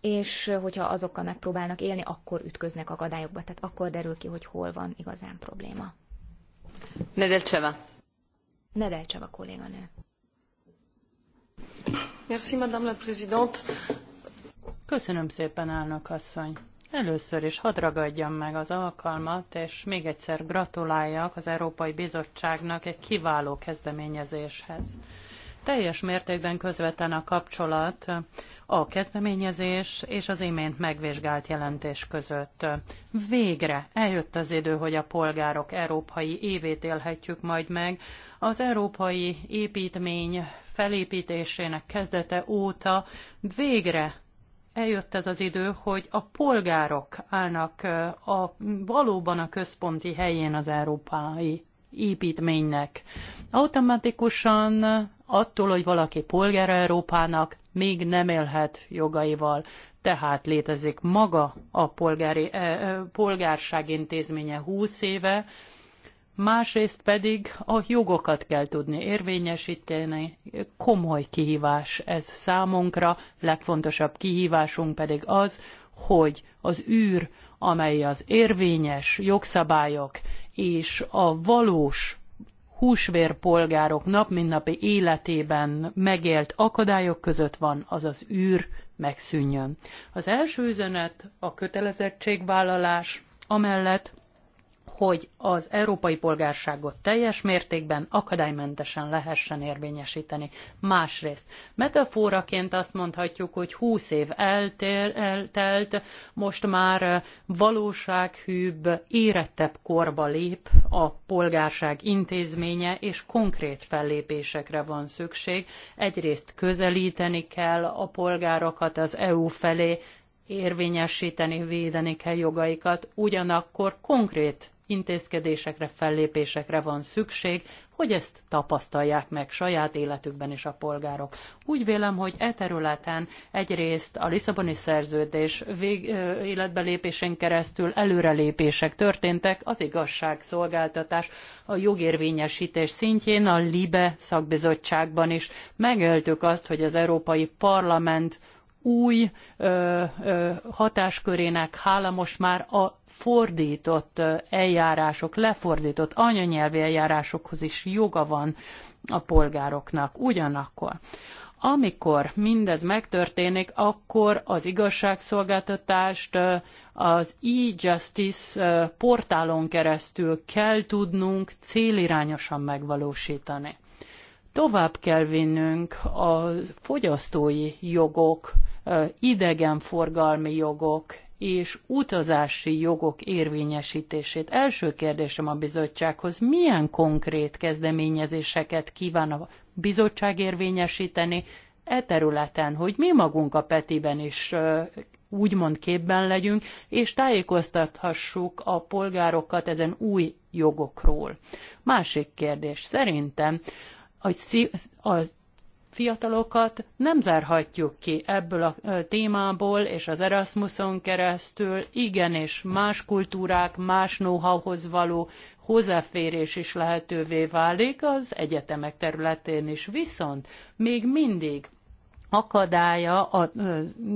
és hogyha azokkal megpróbálnak élni, akkor ütköznek akadályokba, tehát akkor derül ki, hogy hol van igazán probléma. Nedelcseva. Nedelcseva kolléganő. Merci, Madame la Présidente. Köszönöm szépen, elnök asszony. Először is hadd ragadjam meg az alkalmat, és még egyszer gratuláljak az Európai Bizottságnak egy kiváló kezdeményezéshez teljes mértékben közvetlen a kapcsolat a kezdeményezés és az imént megvizsgált jelentés között. Végre eljött az idő, hogy a polgárok európai évét élhetjük majd meg. Az európai építmény felépítésének kezdete óta végre eljött ez az idő, hogy a polgárok állnak a, valóban a központi helyén az európai építménynek. Automatikusan attól, hogy valaki polgár Európának, még nem élhet jogaival. Tehát létezik maga a polgári, eh, polgárság intézménye 20 éve, másrészt pedig a jogokat kell tudni érvényesíteni. Komoly kihívás ez számunkra, legfontosabb kihívásunk pedig az, hogy az űr, amely az érvényes jogszabályok és a valós húsvérpolgárok nap mint napi életében megélt akadályok között van, az az űr megszűnjön. Az első üzenet a kötelezettségvállalás, amellett hogy az európai polgárságot teljes mértékben akadálymentesen lehessen érvényesíteni. Másrészt, metaforaként azt mondhatjuk, hogy 20 év eltél, eltelt, most már valósághűbb, érettebb korba lép a polgárság intézménye, és konkrét fellépésekre van szükség. Egyrészt közelíteni kell a polgárokat az EU felé, érvényesíteni, védeni kell jogaikat, ugyanakkor konkrét intézkedésekre, fellépésekre van szükség, hogy ezt tapasztalják meg saját életükben is a polgárok. Úgy vélem, hogy e területen egyrészt a Lisszaboni szerződés vég, ö, életbelépésén keresztül előrelépések történtek, az igazságszolgáltatás a jogérvényesítés szintjén a LIBE szakbizottságban is megöltük azt, hogy az Európai Parlament új ö, ö, hatáskörének hála most már a fordított eljárások, lefordított anyanyelvi eljárásokhoz is joga van a polgároknak. Ugyanakkor amikor mindez megtörténik, akkor az igazságszolgáltatást az e-justice portálon keresztül kell tudnunk célirányosan megvalósítani. Tovább kell vinnünk a fogyasztói jogok idegenforgalmi jogok és utazási jogok érvényesítését. Első kérdésem a bizottsághoz, milyen konkrét kezdeményezéseket kíván a bizottság érvényesíteni e területen, hogy mi magunk a Petiben is úgymond képben legyünk, és tájékoztathassuk a polgárokat ezen új jogokról. Másik kérdés szerintem, a fiatalokat nem zárhatjuk ki ebből a témából, és az Erasmuson keresztül igenis más kultúrák, más know-howhoz való hozzáférés is lehetővé válik az egyetemek területén is. Viszont még mindig akadálya a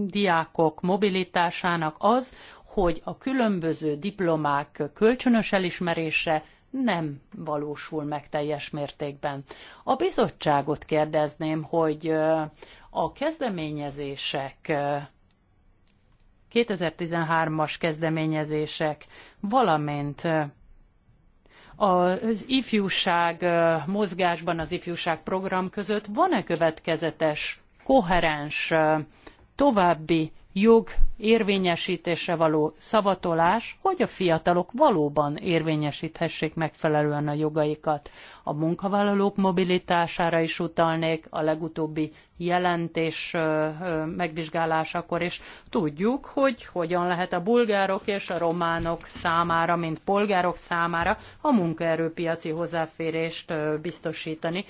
diákok mobilitásának az, hogy a különböző diplomák kölcsönös elismerése nem valósul meg teljes mértékben. A bizottságot kérdezném, hogy a kezdeményezések 2013-as kezdeményezések, valamint az ifjúság mozgásban az ifjúság program között van-e következetes, koherens további jog érvényesítésre való szavatolás, hogy a fiatalok valóban érvényesíthessék megfelelően a jogaikat. A munkavállalók mobilitására is utalnék a legutóbbi jelentés megvizsgálásakor, és tudjuk, hogy hogyan lehet a bulgárok és a románok számára, mint polgárok számára a munkaerőpiaci hozzáférést biztosítani.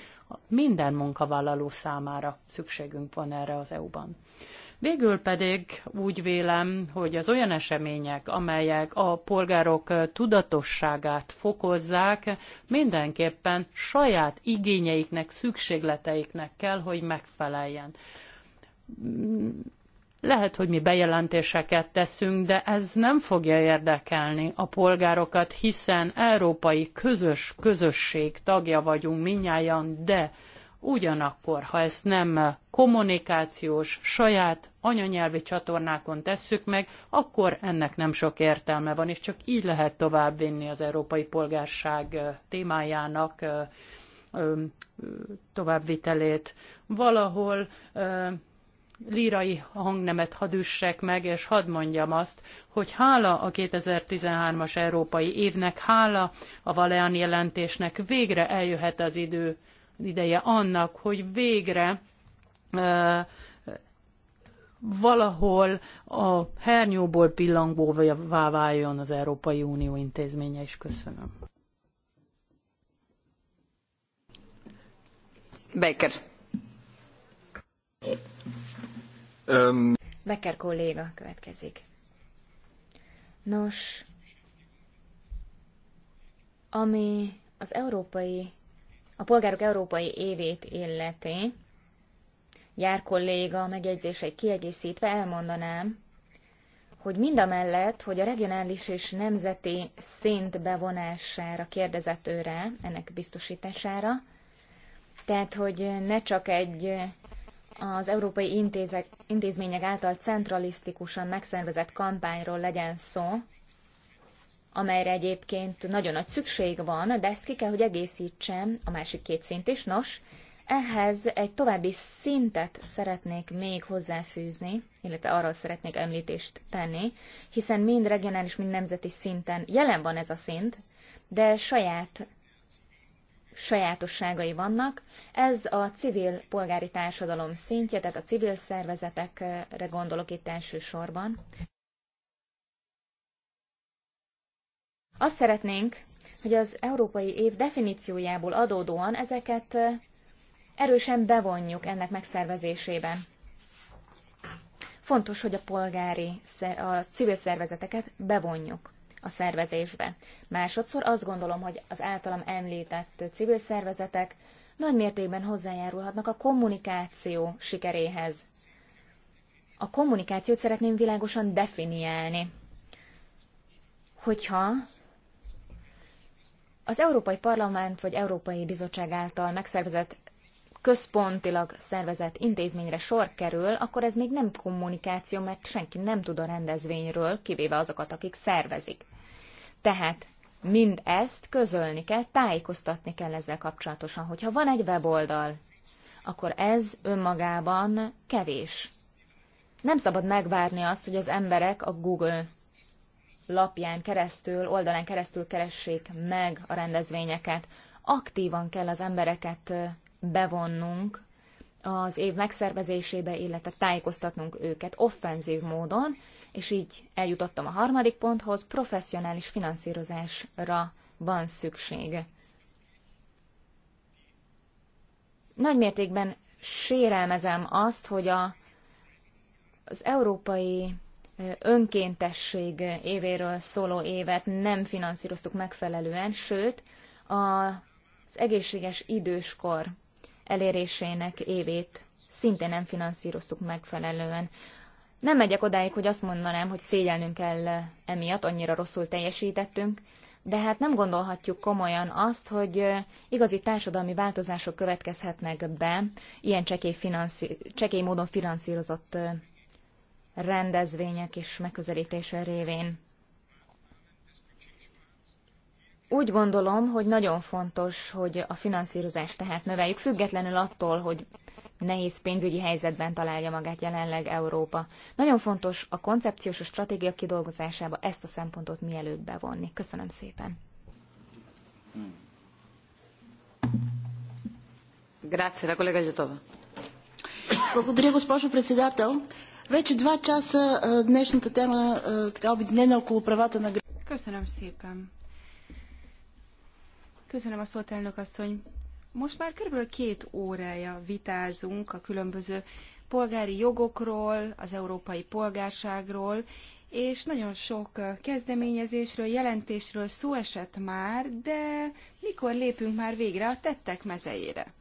Minden munkavállaló számára szükségünk van erre az EU-ban. Végül pedig úgy vélem, hogy az olyan események, amelyek a polgárok tudatosságát fokozzák, mindenképpen saját igényeiknek, szükségleteiknek kell, hogy megfeleljen lehet, hogy mi bejelentéseket teszünk, de ez nem fogja érdekelni a polgárokat, hiszen európai közös közösség tagja vagyunk minnyáján, de Ugyanakkor, ha ezt nem kommunikációs, saját anyanyelvi csatornákon tesszük meg, akkor ennek nem sok értelme van, és csak így lehet továbbvinni az európai polgárság témájának továbbvitelét. Valahol lírai hangnemet hadd üssek meg, és hadd mondjam azt, hogy hála a 2013-as európai évnek, hála a Valean jelentésnek végre eljöhet az idő ideje annak, hogy végre valahol a hernyóból pillangóvá váljon az Európai Unió intézménye is. Köszönöm. Baker. Um. Becker kolléga következik. Nos, ami az európai a polgárok európai évét illeti, jár kolléga megjegyzéseit kiegészítve elmondanám, hogy mindamellett, hogy a regionális és nemzeti szint bevonására kérdezett őre, ennek biztosítására, tehát, hogy ne csak egy az európai intézek, intézmények által centralisztikusan megszervezett kampányról legyen szó, amelyre egyébként nagyon nagy szükség van, de ezt ki kell, hogy egészítsem a másik két szint is. Nos, ehhez egy további szintet szeretnék még hozzáfűzni, illetve arról szeretnék említést tenni, hiszen mind regionális, mind nemzeti szinten jelen van ez a szint, de saját sajátosságai vannak. Ez a civil polgári társadalom szintje, tehát a civil szervezetekre gondolok itt elsősorban. Azt szeretnénk, hogy az európai év definíciójából adódóan ezeket erősen bevonjuk ennek megszervezésében. Fontos, hogy a polgári, a civil szervezeteket bevonjuk a szervezésbe. Másodszor azt gondolom, hogy az általam említett civil szervezetek nagy mértékben hozzájárulhatnak a kommunikáció sikeréhez. A kommunikációt szeretném világosan definiálni. Hogyha az Európai Parlament vagy Európai Bizottság által megszervezett központilag szervezett intézményre sor kerül, akkor ez még nem kommunikáció, mert senki nem tud a rendezvényről, kivéve azokat, akik szervezik. Tehát mind ezt közölni kell, tájékoztatni kell ezzel kapcsolatosan. Hogyha van egy weboldal, akkor ez önmagában kevés. Nem szabad megvárni azt, hogy az emberek a Google lapján keresztül, oldalán keresztül keressék meg a rendezvényeket. Aktívan kell az embereket bevonnunk az év megszervezésébe, illetve tájékoztatnunk őket offenzív módon, és így eljutottam a harmadik ponthoz, professzionális finanszírozásra van szükség. Nagymértékben sérelmezem azt, hogy a, az európai önkéntesség évéről szóló évet nem finanszíroztuk megfelelően, sőt, az egészséges időskor elérésének évét szintén nem finanszíroztuk megfelelően. Nem megyek odáig, hogy azt mondanám, hogy szégyelnünk kell emiatt, annyira rosszul teljesítettünk, de hát nem gondolhatjuk komolyan azt, hogy igazi társadalmi változások következhetnek be ilyen csekély, finanszí- csekély módon finanszírozott rendezvények és megközelítése révén. Úgy gondolom, hogy nagyon fontos, hogy a finanszírozást tehát növeljük, függetlenül attól, hogy nehéz pénzügyi helyzetben találja magát jelenleg Európa. Nagyon fontos a koncepciós a stratégia kidolgozásába ezt a szempontot mielőbb bevonni. Köszönöm szépen. Grazie, la collega Jotova. Благодаря, госпожо председател. Вече два часа днешната тема така обединена около правата на Köszönöm szépen. Köszönöm a szót, elnök asszony. Most már körülbelül két órája vitázunk a különböző polgári jogokról, az európai polgárságról, és nagyon sok kezdeményezésről, jelentésről szó esett már, de mikor lépünk már végre a tettek mezejére?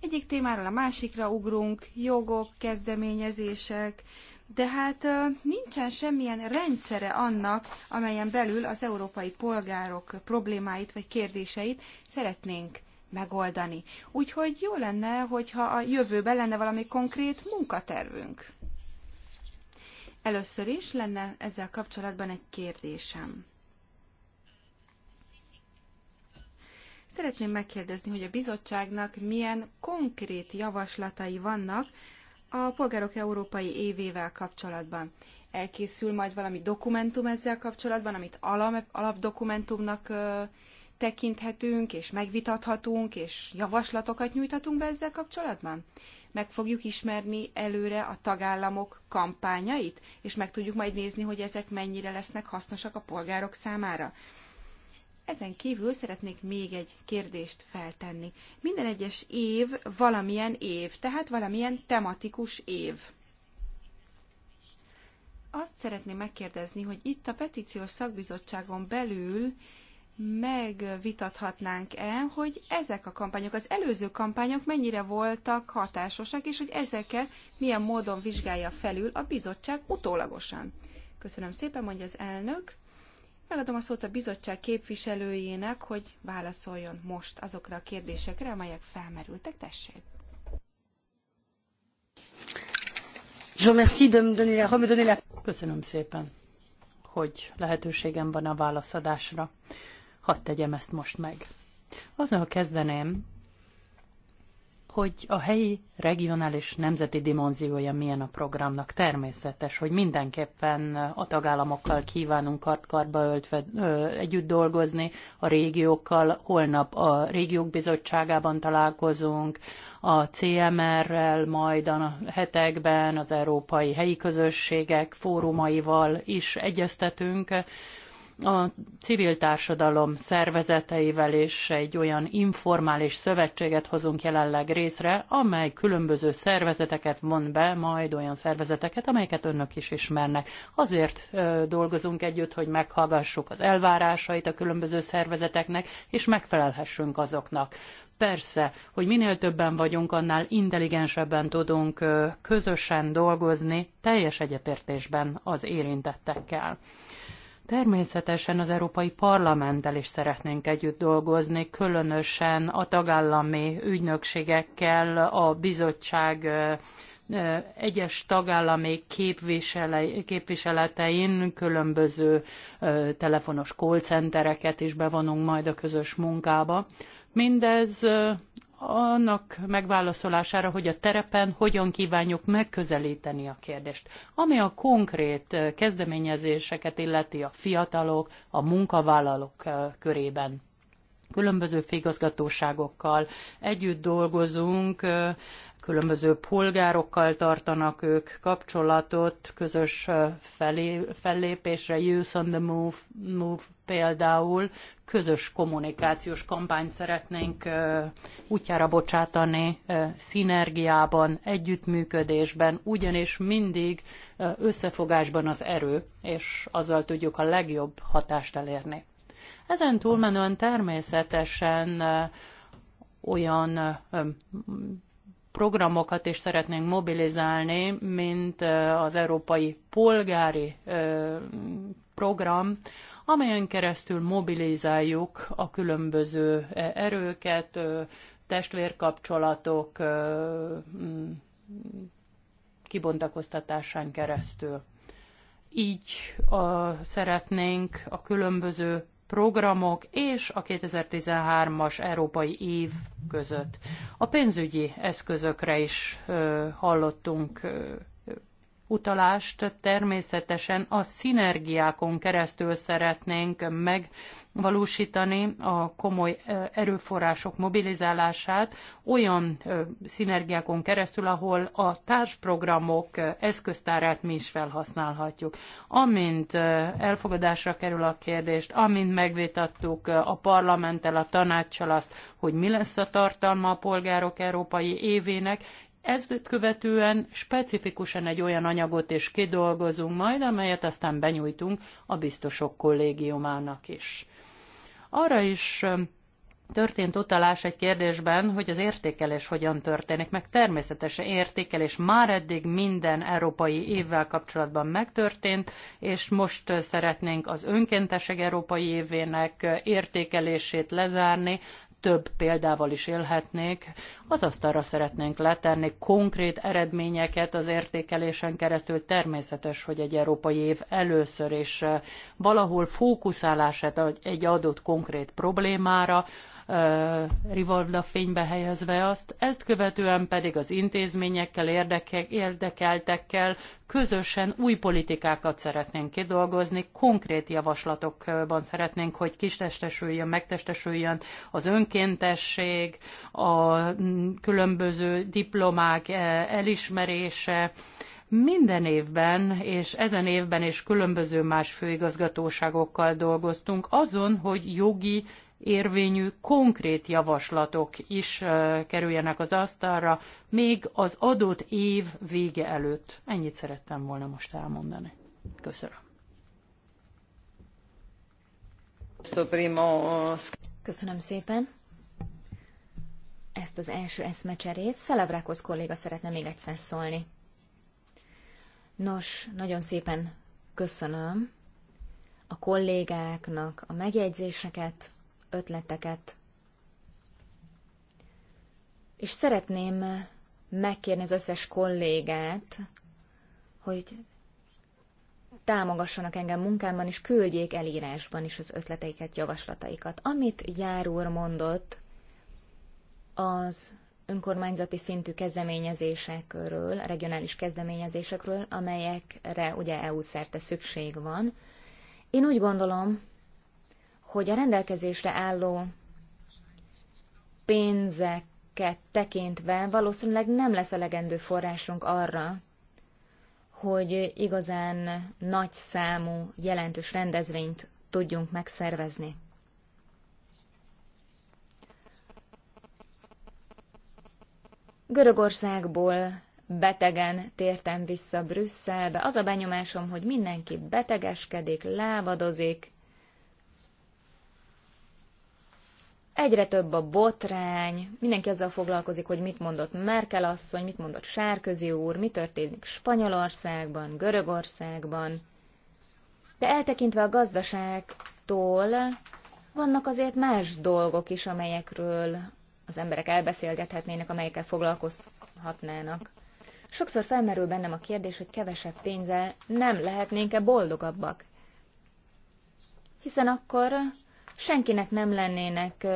Egyik témáról a másikra ugrunk, jogok, kezdeményezések, de hát nincsen semmilyen rendszere annak, amelyen belül az európai polgárok problémáit vagy kérdéseit szeretnénk megoldani. Úgyhogy jó lenne, hogyha a jövőben lenne valami konkrét munkatervünk. Először is lenne ezzel kapcsolatban egy kérdésem. Szeretném megkérdezni, hogy a bizottságnak milyen konkrét javaslatai vannak a Polgárok Európai Évével kapcsolatban. Elkészül majd valami dokumentum ezzel kapcsolatban, amit alap, alapdokumentumnak tekinthetünk, és megvitathatunk, és javaslatokat nyújthatunk be ezzel kapcsolatban? Meg fogjuk ismerni előre a tagállamok kampányait, és meg tudjuk majd nézni, hogy ezek mennyire lesznek hasznosak a polgárok számára. Ezen kívül szeretnék még egy kérdést feltenni. Minden egyes év valamilyen év, tehát valamilyen tematikus év. Azt szeretném megkérdezni, hogy itt a petíciós szakbizottságon belül megvitathatnánk-e, hogy ezek a kampányok, az előző kampányok mennyire voltak hatásosak, és hogy ezeket milyen módon vizsgálja felül a bizottság utólagosan. Köszönöm szépen, mondja az elnök. Megadom a szót a bizottság képviselőjének, hogy válaszoljon most azokra a kérdésekre, amelyek felmerültek. Tessék! Köszönöm szépen, hogy lehetőségem van a válaszadásra. Hadd tegyem ezt most meg. Azzal kezdeném, hogy a helyi, regionális, nemzeti dimenziója milyen a programnak. Természetes, hogy mindenképpen a tagállamokkal kívánunk kartkarba öltve ö, együtt dolgozni, a régiókkal holnap a régiók bizottságában találkozunk, a CMR-rel majd a hetekben az Európai Helyi Közösségek fórumaival is egyeztetünk, a civil társadalom szervezeteivel és egy olyan informális szövetséget hozunk jelenleg részre, amely különböző szervezeteket von be, majd olyan szervezeteket, amelyeket önök is ismernek. Azért ö, dolgozunk együtt, hogy meghallgassuk az elvárásait a különböző szervezeteknek, és megfelelhessünk azoknak persze, hogy minél többen vagyunk, annál intelligensebben tudunk közösen dolgozni, teljes egyetértésben az érintettekkel. Természetesen az Európai Parlamenttel is szeretnénk együtt dolgozni, különösen a tagállami ügynökségekkel, a bizottság egyes tagállami képviseletein különböző telefonos call centereket is bevonunk majd a közös munkába. Mindez annak megválaszolására, hogy a terepen hogyan kívánjuk megközelíteni a kérdést. Ami a konkrét kezdeményezéseket illeti a fiatalok, a munkavállalók körében. Különböző figazgatóságokkal együtt dolgozunk, különböző polgárokkal tartanak ők kapcsolatot, közös fellépésre, Youth on the Move, move például közös kommunikációs kampányt szeretnénk útjára bocsátani szinergiában, együttműködésben, ugyanis mindig összefogásban az erő, és azzal tudjuk a legjobb hatást elérni. Ezen túlmenően természetesen olyan programokat is szeretnénk mobilizálni, mint az Európai Polgári Program, amelyen keresztül mobilizáljuk a különböző e, erőket, testvérkapcsolatok kibontakoztatásán keresztül. Így a, szeretnénk a különböző programok és a 2013-as Európai Év között. A pénzügyi eszközökre is ö, hallottunk ö, utalást természetesen a szinergiákon keresztül szeretnénk megvalósítani a komoly erőforrások mobilizálását olyan szinergiákon keresztül, ahol a társprogramok eszköztárát mi is felhasználhatjuk. Amint elfogadásra kerül a kérdést, amint megvitattuk a parlamenttel, a tanácssal azt, hogy mi lesz a tartalma a polgárok európai évének, ezt követően specifikusan egy olyan anyagot is kidolgozunk majd, amelyet aztán benyújtunk a biztosok kollégiumának is. Arra is történt utalás egy kérdésben, hogy az értékelés hogyan történik, meg természetesen értékelés már eddig minden európai évvel kapcsolatban megtörtént, és most szeretnénk az önkéntesek európai évének értékelését lezárni, több példával is élhetnék, az asztalra szeretnénk letenni konkrét eredményeket az értékelésen keresztül. Természetes, hogy egy európai év először is eh, valahol fókuszálását egy adott konkrét problémára, rivalda fénybe helyezve azt, ezt követően pedig az intézményekkel, érdeke, érdekeltekkel közösen új politikákat szeretnénk kidolgozni, konkrét javaslatokban szeretnénk, hogy kistestesüljön, megtestesüljön az önkéntesség, a mm, különböző diplomák e, elismerése, minden évben és ezen évben is különböző más főigazgatóságokkal dolgoztunk azon, hogy jogi érvényű konkrét javaslatok is kerüljenek az asztalra, még az adott év vége előtt. Ennyit szerettem volna most elmondani. Köszönöm. Köszönöm szépen. Ezt az első eszmecserét Szelebrákhoz kolléga szeretne még egyszer szólni. Nos, nagyon szépen köszönöm a kollégáknak a megjegyzéseket, ötleteket. És szeretném megkérni az összes kollégát, hogy támogassanak engem munkámban, és küldjék elírásban is az ötleteiket, javaslataikat. Amit Jár úr mondott az önkormányzati szintű kezdeményezésekről, regionális kezdeményezésekről, amelyekre ugye EU szerte szükség van, én úgy gondolom, hogy a rendelkezésre álló pénzeket tekintve valószínűleg nem lesz elegendő forrásunk arra, hogy igazán nagy számú, jelentős rendezvényt tudjunk megszervezni. Görögországból betegen tértem vissza Brüsszelbe. Az a benyomásom, hogy mindenki betegeskedik, lábadozik, Egyre több a botrány, mindenki azzal foglalkozik, hogy mit mondott Merkel asszony, mit mondott Sárközi úr, mi történik Spanyolországban, Görögországban. De eltekintve a gazdaságtól, vannak azért más dolgok is, amelyekről az emberek elbeszélgethetnének, amelyekkel foglalkozhatnának. Sokszor felmerül bennem a kérdés, hogy kevesebb pénzzel nem lehetnénk-e boldogabbak. Hiszen akkor senkinek nem lennének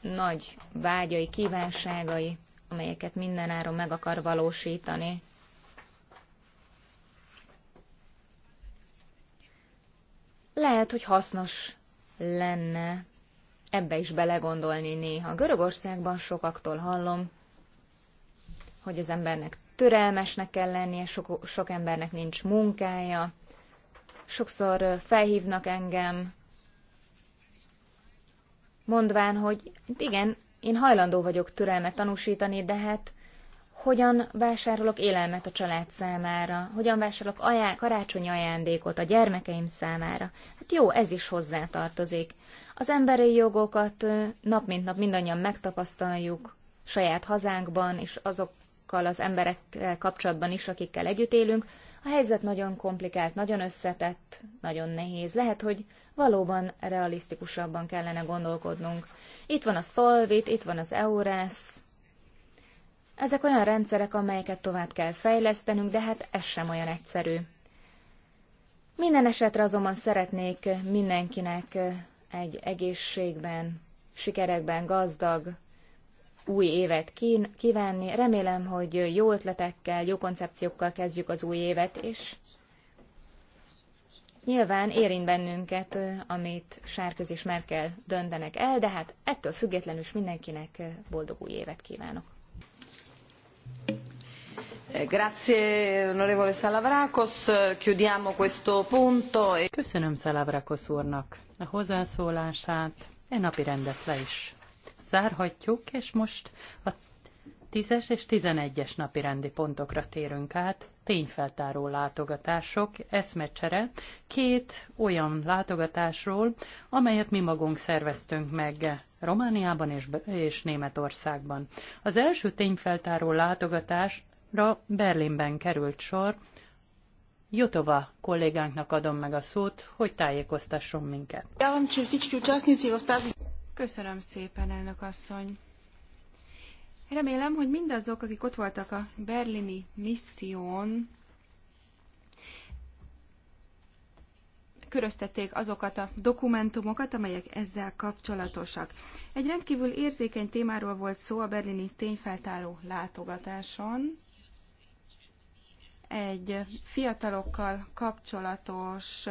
nagy vágyai, kívánságai, amelyeket mindenáron meg akar valósítani. Lehet, hogy hasznos lenne ebbe is belegondolni néha. Görögországban sokaktól hallom, hogy az embernek türelmesnek kell lennie, sok, sok embernek nincs munkája. Sokszor felhívnak engem, mondván, hogy igen, én hajlandó vagyok türelmet tanúsítani, de hát hogyan vásárolok élelmet a család számára, hogyan vásárolok ajá- karácsonyi ajándékot a gyermekeim számára. Hát jó, ez is hozzátartozik. Az emberi jogokat nap mint nap mindannyian megtapasztaljuk saját hazánkban, és azokkal az emberekkel kapcsolatban is, akikkel együtt élünk. A helyzet nagyon komplikált, nagyon összetett, nagyon nehéz. Lehet, hogy valóban realisztikusabban kellene gondolkodnunk. Itt van a Solvit, itt van az EURES, ezek olyan rendszerek, amelyeket tovább kell fejlesztenünk, de hát ez sem olyan egyszerű. Minden esetre azonban szeretnék mindenkinek egy egészségben, sikerekben gazdag új évet kívánni. Remélem, hogy jó ötletekkel, jó koncepciókkal kezdjük az új évet, és Nyilván érint bennünket, amit Sárköz és Merkel döntenek el, de hát ettől függetlenül is mindenkinek boldog új évet kívánok. Eh, grazie onorevole Salavrakos, eh, chiudiamo questo punto. E- Köszönöm Salavrakos úrnak a hozzászólását, e napi rendet le is zárhatjuk, és most a 10-es és 11-es napi rendi pontokra térünk át, tényfeltáró látogatások, eszmecsere, két olyan látogatásról, amelyet mi magunk szerveztünk meg Romániában és, és Németországban. Az első tényfeltáró látogatásra Berlinben került sor, Jotova kollégánknak adom meg a szót, hogy tájékoztasson minket. Köszönöm szépen, elnök asszony! Remélem, hogy mindazok, akik ott voltak a berlini misszión, köröztették azokat a dokumentumokat, amelyek ezzel kapcsolatosak. Egy rendkívül érzékeny témáról volt szó a berlini tényfeltáró látogatáson. Egy fiatalokkal kapcsolatos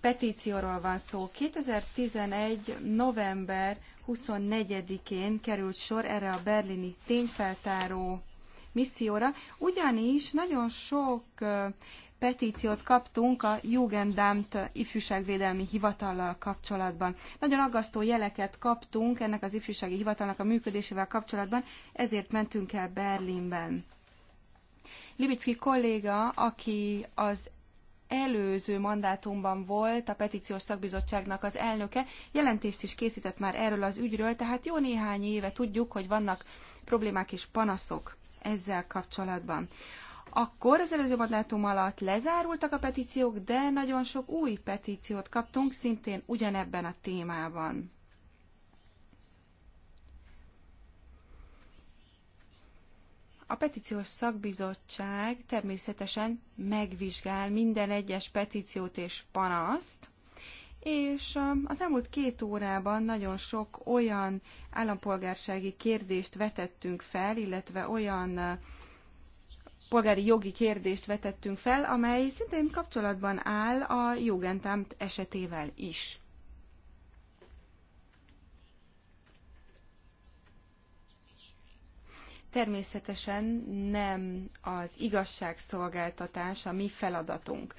petícióról van szó. 2011. november 24-én került sor erre a berlini tényfeltáró misszióra, ugyanis nagyon sok petíciót kaptunk a Jugendamt ifjúságvédelmi hivatallal kapcsolatban. Nagyon aggasztó jeleket kaptunk ennek az ifjúsági hivatalnak a működésével kapcsolatban, ezért mentünk el Berlinben. Libicki kolléga, aki az előző mandátumban volt a petíciós szakbizottságnak az elnöke, jelentést is készített már erről az ügyről, tehát jó néhány éve tudjuk, hogy vannak problémák és panaszok ezzel kapcsolatban. Akkor az előző mandátum alatt lezárultak a petíciók, de nagyon sok új petíciót kaptunk, szintén ugyanebben a témában. A petíciós szakbizottság természetesen megvizsgál minden egyes petíciót és panaszt, és az elmúlt két órában nagyon sok olyan állampolgársági kérdést vetettünk fel, illetve olyan polgári jogi kérdést vetettünk fel, amely szintén kapcsolatban áll a jogentámt esetével is. természetesen nem az igazságszolgáltatás a mi feladatunk.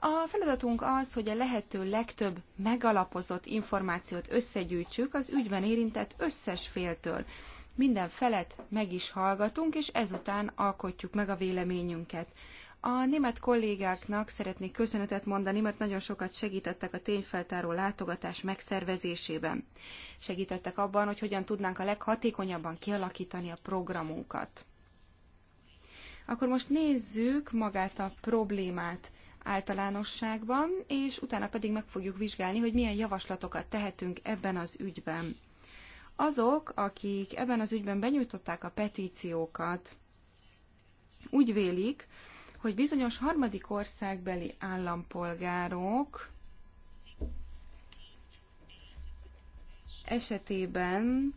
A feladatunk az, hogy a lehető legtöbb megalapozott információt összegyűjtsük az ügyben érintett összes féltől. Minden felet meg is hallgatunk, és ezután alkotjuk meg a véleményünket. A német kollégáknak szeretnék köszönetet mondani, mert nagyon sokat segítettek a tényfeltáró látogatás megszervezésében. Segítettek abban, hogy hogyan tudnánk a leghatékonyabban kialakítani a programunkat. Akkor most nézzük magát a problémát általánosságban, és utána pedig meg fogjuk vizsgálni, hogy milyen javaslatokat tehetünk ebben az ügyben. Azok, akik ebben az ügyben benyújtották a petíciókat, úgy vélik, hogy bizonyos harmadik országbeli állampolgárok esetében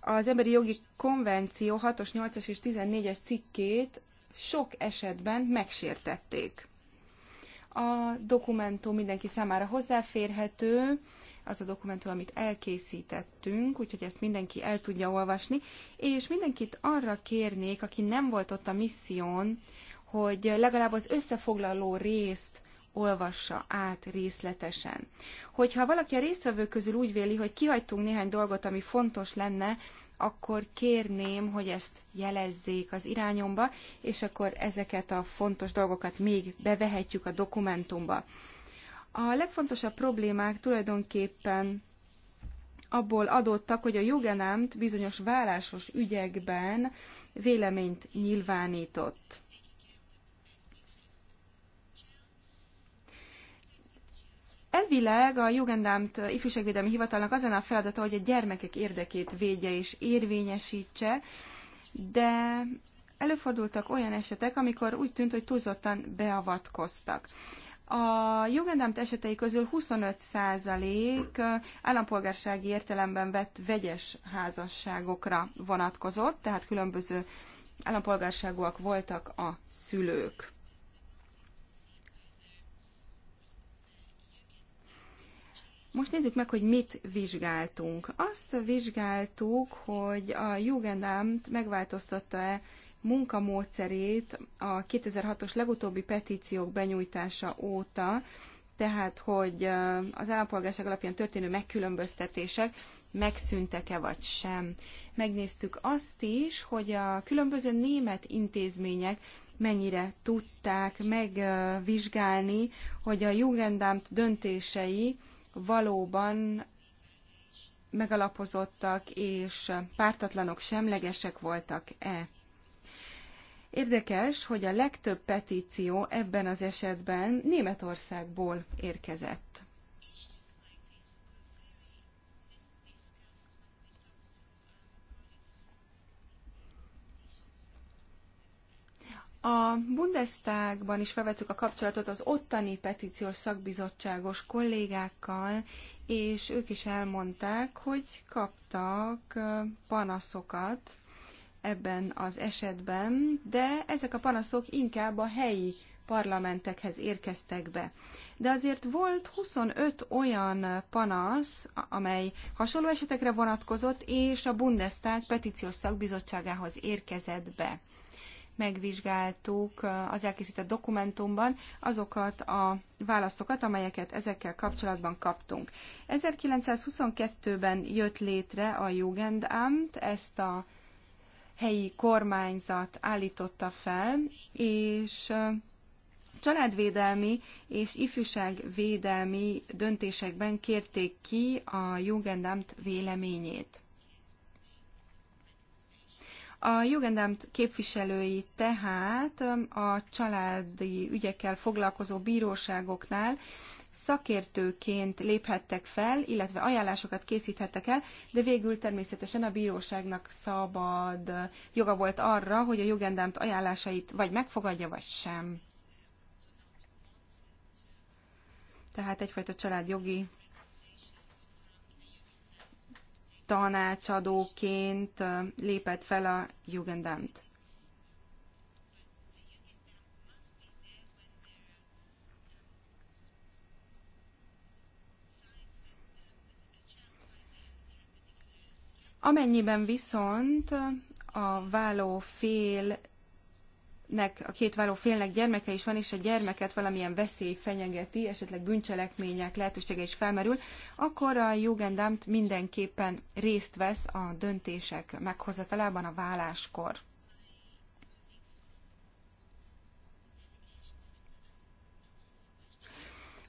az Emberi Jogi Konvenció 6-os, 8-as és 14-es cikkét sok esetben megsértették. A dokumentum mindenki számára hozzáférhető, az a dokumentum, amit elkészítettünk, úgyhogy ezt mindenki el tudja olvasni, és mindenkit arra kérnék, aki nem volt ott a misszión, hogy legalább az összefoglaló részt olvassa át részletesen. Hogyha valaki a résztvevők közül úgy véli, hogy kihagytunk néhány dolgot, ami fontos lenne, akkor kérném, hogy ezt jelezzék az irányomba, és akkor ezeket a fontos dolgokat még bevehetjük a dokumentumba. A legfontosabb problémák tulajdonképpen abból adottak, hogy a jogenámt bizonyos vállásos ügyekben véleményt nyilvánított. Elvileg a Jugendamt ifjúságvédelmi hivatalnak az lenne a feladata, hogy a gyermekek érdekét védje és érvényesítse, de előfordultak olyan esetek, amikor úgy tűnt, hogy túlzottan beavatkoztak. A jogendámt esetei közül 25% állampolgársági értelemben vett vegyes házasságokra vonatkozott, tehát különböző állampolgárságúak voltak a szülők. Most nézzük meg, hogy mit vizsgáltunk. Azt vizsgáltuk, hogy a Jugendamt megváltoztatta-e munkamódszerét a 2006-os legutóbbi petíciók benyújtása óta, tehát hogy az állampolgárság alapján történő megkülönböztetések megszűntek-e vagy sem. Megnéztük azt is, hogy a különböző német intézmények mennyire tudták megvizsgálni, hogy a Jugendamt döntései valóban megalapozottak és pártatlanok, semlegesek voltak-e. Érdekes, hogy a legtöbb petíció ebben az esetben Németországból érkezett. A Bundestagban is felvettük a kapcsolatot az ottani petíciós szakbizottságos kollégákkal, és ők is elmondták, hogy kaptak panaszokat ebben az esetben, de ezek a panaszok inkább a helyi parlamentekhez érkeztek be. De azért volt 25 olyan panasz, amely hasonló esetekre vonatkozott, és a Bundestag petíciós szakbizottságához érkezett be. Megvizsgáltuk eh, az elkészített dokumentumban azokat a válaszokat, amelyeket ezekkel kapcsolatban kaptunk. 1922-ben jött létre a Jugendamt, ezt a helyi kormányzat állította fel, és családvédelmi és ifjúságvédelmi döntésekben kérték ki a Jugendamt véleményét. A Jugendamt képviselői tehát a családi ügyekkel foglalkozó bíróságoknál szakértőként léphettek fel, illetve ajánlásokat készíthettek el, de végül természetesen a bíróságnak szabad joga volt arra, hogy a jogendámt ajánlásait vagy megfogadja, vagy sem. Tehát egyfajta családjogi tanácsadóként lépett fel a Jugendamt. Amennyiben viszont a váló fél nek, a két váló félnek gyermeke is van, és a gyermeket valamilyen veszély fenyegeti, esetleg bűncselekmények lehetősége is felmerül, akkor a Jugendamt mindenképpen részt vesz a döntések meghozatalában a válláskor.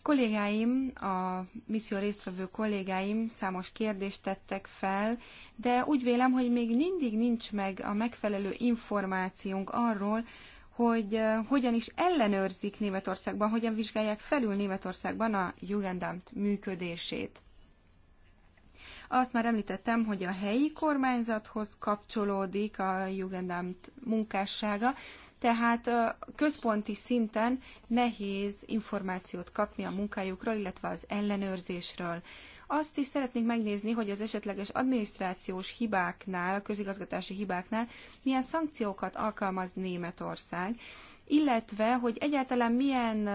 Kollégáim, a misszió résztvevő kollégáim számos kérdést tettek fel, de úgy vélem, hogy még mindig nincs meg a megfelelő információnk arról, hogy hogyan is ellenőrzik Németországban, hogyan vizsgálják felül Németországban a Jugendamt működését. Azt már említettem, hogy a helyi kormányzathoz kapcsolódik a Jugendamt munkássága, tehát központi szinten nehéz információt kapni a munkájukról, illetve az ellenőrzésről. Azt is szeretnénk megnézni, hogy az esetleges adminisztrációs hibáknál, közigazgatási hibáknál milyen szankciókat alkalmaz Németország, illetve hogy egyáltalán milyen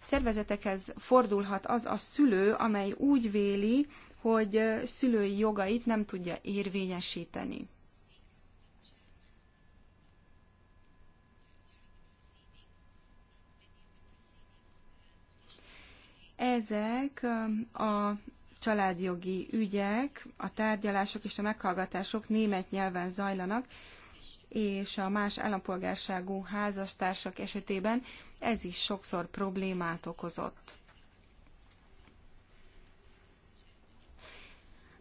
szervezetekhez fordulhat az a szülő, amely úgy véli, hogy szülői jogait nem tudja érvényesíteni. Ezek a családjogi ügyek, a tárgyalások és a meghallgatások német nyelven zajlanak, és a más állampolgárságú házastársak esetében ez is sokszor problémát okozott.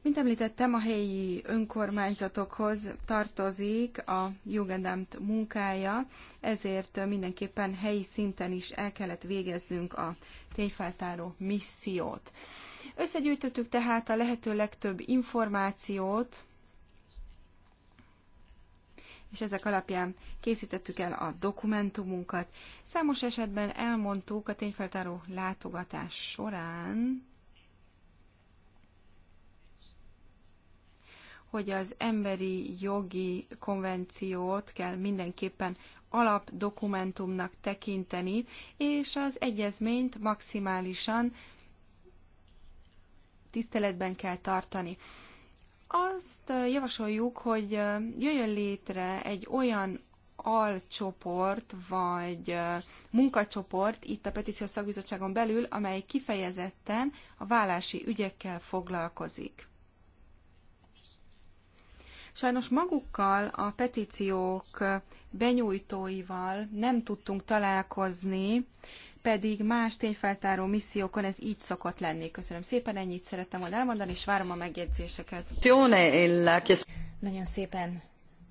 Mint említettem, a helyi önkormányzatokhoz tartozik a Jugendamt munkája, ezért mindenképpen helyi szinten is el kellett végeznünk a tényfeltáró missziót. Összegyűjtöttük tehát a lehető legtöbb információt, és ezek alapján készítettük el a dokumentumunkat. Számos esetben elmondtuk a tényfeltáró látogatás során, hogy az emberi jogi konvenciót kell mindenképpen alapdokumentumnak tekinteni, és az egyezményt maximálisan tiszteletben kell tartani. Azt javasoljuk, hogy jöjjön létre egy olyan alcsoport vagy munkacsoport itt a Petíciós Szakbizottságon belül, amely kifejezetten a vállási ügyekkel foglalkozik. Sajnos magukkal a petíciók benyújtóival nem tudtunk találkozni, pedig más tényfeltáró missziókon ez így szokott lenni. Köszönöm szépen, ennyit szerettem volna elmondani, és várom a megjegyzéseket. Eh, Nagyon szépen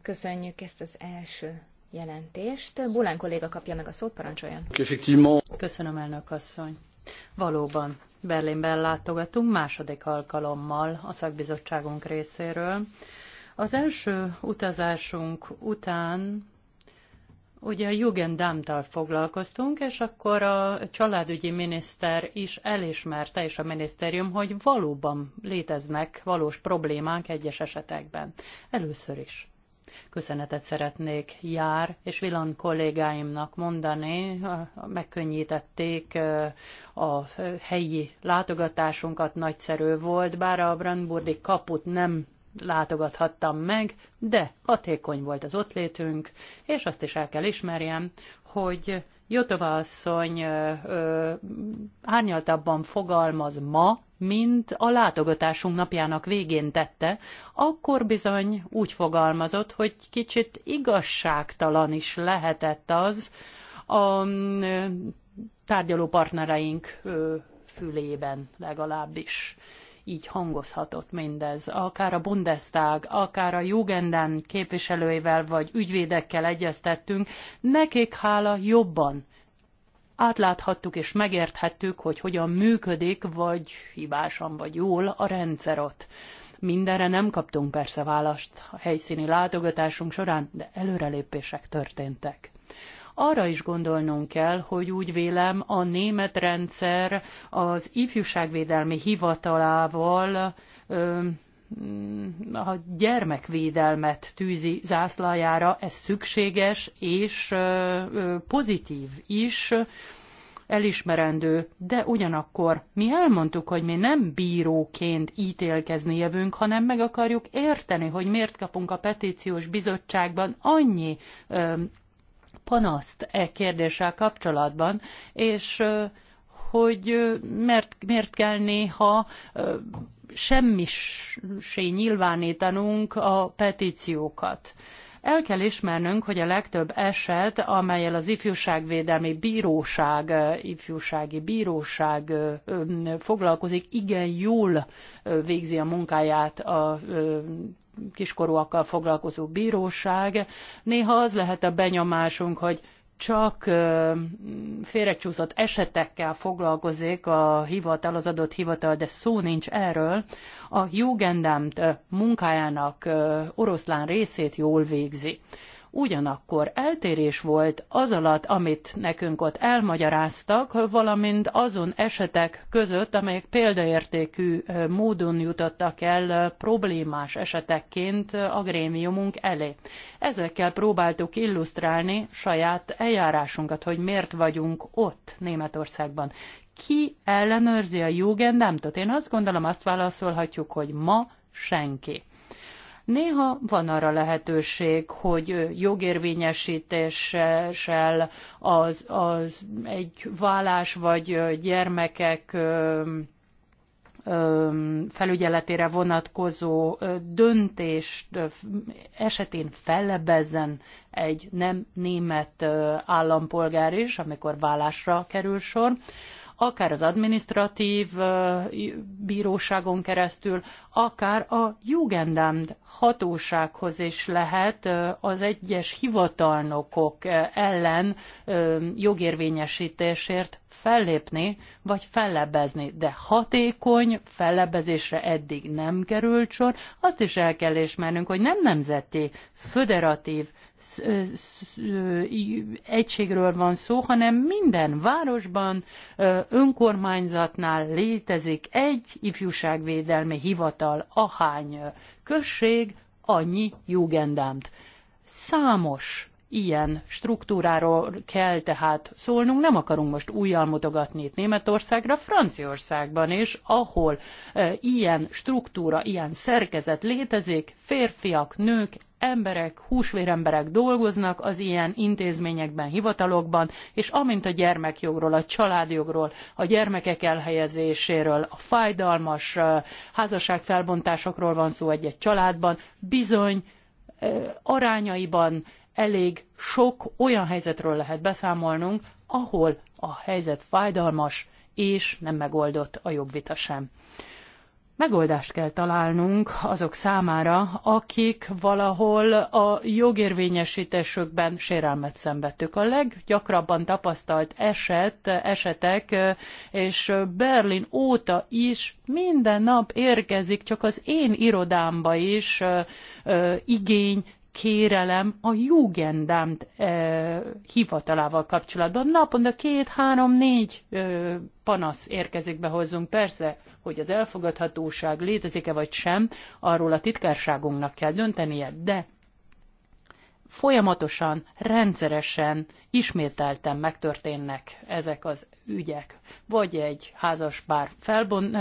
köszönjük ezt az első jelentést. Bulán kolléga kapja meg a szót, parancsoljon. Köszönöm, elnök asszony. Valóban, Berlinben látogatunk második alkalommal a szakbizottságunk részéről. Az első utazásunk után ugye a Jugendamtal foglalkoztunk, és akkor a családügyi miniszter is elismerte, és a minisztérium, hogy valóban léteznek valós problémánk egyes esetekben. Először is. Köszönetet szeretnék Jár és villan kollégáimnak mondani, megkönnyítették a helyi látogatásunkat, nagyszerű volt, bár a Brandburgi kaput nem látogathattam meg, de hatékony volt az ott létünk, és azt is el kell ismerjem, hogy Jotova asszony ö, ö, árnyaltabban fogalmaz ma, mint a látogatásunk napjának végén tette, akkor bizony úgy fogalmazott, hogy kicsit igazságtalan is lehetett az a ö, tárgyaló partnereink ö, fülében legalábbis így hangozhatott mindez. Akár a Bundestag, akár a Jugenden képviselőivel vagy ügyvédekkel egyeztettünk, nekik hála jobban átláthattuk és megérthettük, hogy hogyan működik, vagy hibásan, vagy jól a rendszer ott. Mindenre nem kaptunk persze választ a helyszíni látogatásunk során, de előrelépések történtek. Arra is gondolnunk kell, hogy úgy vélem a német rendszer az ifjúságvédelmi hivatalával ö, a gyermekvédelmet tűzi zászlajára, ez szükséges és pozitív is, elismerendő, de ugyanakkor mi elmondtuk, hogy mi nem bíróként ítélkezni jövünk, hanem meg akarjuk érteni, hogy miért kapunk a petíciós bizottságban annyi ö, panaszt e kérdéssel kapcsolatban, és hogy mert, miért kell néha semmisé nyilvánítanunk a petíciókat. El kell ismernünk, hogy a legtöbb eset, amelyel az ifjúságvédelmi bíróság, ifjúsági bíróság foglalkozik, igen jól végzi a munkáját a kiskorúakkal foglalkozó bíróság. Néha az lehet a benyomásunk, hogy csak félrecsúszott esetekkel foglalkozik a hivatal, az adott hivatal, de szó nincs erről. A Jugendamt munkájának oroszlán részét jól végzi. Ugyanakkor eltérés volt az alatt, amit nekünk ott elmagyaráztak, valamint azon esetek között, amelyek példaértékű módon jutottak el problémás esetekként a grémiumunk elé. Ezekkel próbáltuk illusztrálni saját eljárásunkat, hogy miért vagyunk ott Németországban ki ellenőrzi a jugendamtot? Én azt gondolom, azt válaszolhatjuk, hogy ma senki. Néha van arra lehetőség, hogy jogérvényesítéssel az, az egy vállás vagy gyermekek felügyeletére vonatkozó döntés esetén fellebezzen egy nem német állampolgár is, amikor vállásra kerül sor akár az adminisztratív bíróságon keresztül, akár a Jugendamt hatósághoz is lehet az egyes hivatalnokok ellen jogérvényesítésért fellépni, vagy fellebezni. De hatékony fellebezésre eddig nem került sor. Azt is el kell ismernünk, hogy nem nemzeti, föderatív egységről van szó, hanem minden városban, önkormányzatnál létezik egy ifjúságvédelmi hivatal, ahány község, annyi jugendámt. Számos ilyen struktúráról kell tehát szólnunk, nem akarunk most újjal mutogatni itt Németországra, Franciaországban is, ahol e, ilyen struktúra, ilyen szerkezet létezik, férfiak, nők, emberek, húsvéremberek dolgoznak az ilyen intézményekben, hivatalokban, és amint a gyermekjogról, a családjogról, a gyermekek elhelyezéséről, a fájdalmas e, házasságfelbontásokról van szó egy-egy családban, bizony e, arányaiban elég sok olyan helyzetről lehet beszámolnunk, ahol a helyzet fájdalmas és nem megoldott a jobb vita sem. Megoldást kell találnunk azok számára, akik valahol a jogérvényesítésükben sérelmet szenvedtük. A leggyakrabban tapasztalt eset, esetek, és Berlin óta is minden nap érkezik, csak az én irodámba is igény kérelem a Jugendamt e, hivatalával kapcsolatban. Naponta két, három, négy e, panasz érkezik be hozzunk. Persze, hogy az elfogadhatóság létezik-e vagy sem, arról a titkárságunknak kell döntenie, de folyamatosan, rendszeresen, ismételten megtörténnek ezek az ügyek. Vagy egy házas pár felbon,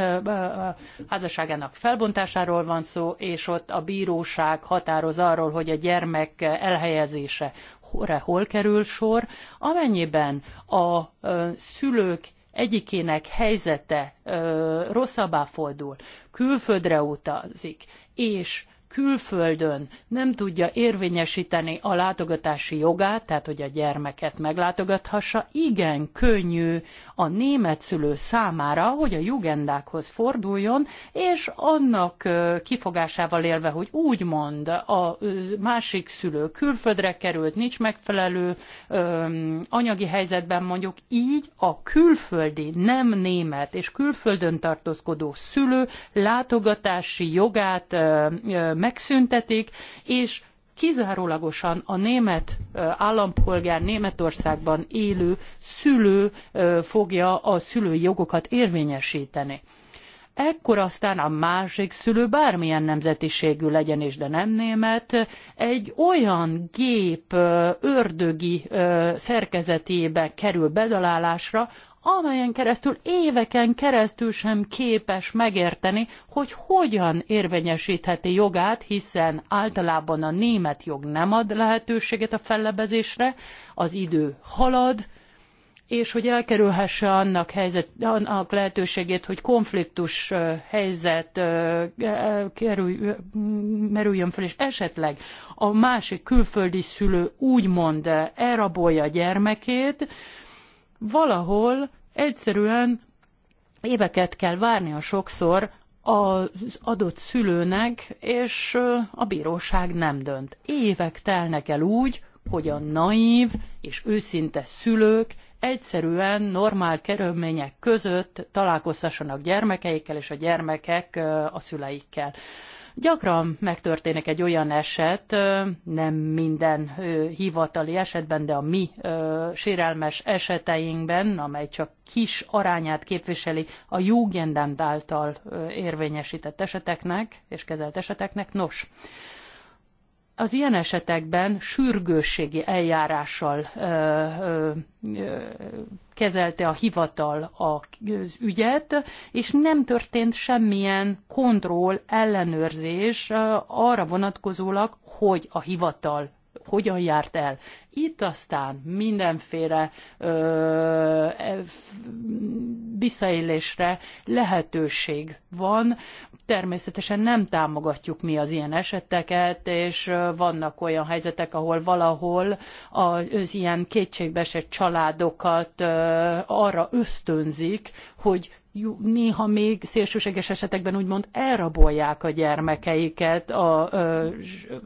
házasságának felbontásáról van szó, és ott a bíróság határoz arról, hogy a gyermek elhelyezése hol, hol kerül sor, amennyiben a szülők egyikének helyzete rosszabbá fordul, külföldre utazik, és külföldön nem tudja érvényesíteni a látogatási jogát, tehát hogy a gyermeket meglátogathassa, igen könnyű a német szülő számára, hogy a jugendákhoz forduljon, és annak kifogásával élve, hogy úgymond a másik szülő külföldre került, nincs megfelelő anyagi helyzetben mondjuk, így a külföldi, nem német és külföldön tartózkodó szülő látogatási jogát meg megszüntetik, és kizárólagosan a német állampolgár Németországban élő szülő fogja a szülői jogokat érvényesíteni. Ekkor aztán a másik szülő, bármilyen nemzetiségű legyen is, de nem német, egy olyan gép ördögi szerkezetébe kerül bedalálásra, amelyen keresztül éveken keresztül sem képes megérteni, hogy hogyan érvényesítheti jogát, hiszen általában a német jog nem ad lehetőséget a fellebezésre, az idő halad, és hogy elkerülhesse annak, helyzet, annak lehetőségét, hogy konfliktus helyzet kerül, merüljön fel, és esetleg a másik külföldi szülő úgymond elrabolja a gyermekét, valahol egyszerűen éveket kell várni a sokszor az adott szülőnek, és a bíróság nem dönt. Évek telnek el úgy, hogy a naív és őszinte szülők egyszerűen normál körülmények között találkozhassanak gyermekeikkel és a gyermekek a szüleikkel. Gyakran megtörténik egy olyan eset, nem minden hivatali esetben, de a mi sérelmes eseteinkben, amely csak kis arányát képviseli a Jugendamt által érvényesített eseteknek és kezelt eseteknek. Nos, az ilyen esetekben sürgősségi eljárással ö, ö, ö, kezelte a hivatal az ügyet, és nem történt semmilyen kontroll, ellenőrzés arra vonatkozólag, hogy a hivatal hogyan járt el. Itt aztán mindenféle ö, e, visszaélésre lehetőség van. Természetesen nem támogatjuk mi az ilyen eseteket, és vannak olyan helyzetek, ahol valahol az ilyen kétségbeesett családokat arra ösztönzik, hogy néha még szélsőséges esetekben úgymond elrabolják a gyermekeiket a, a, a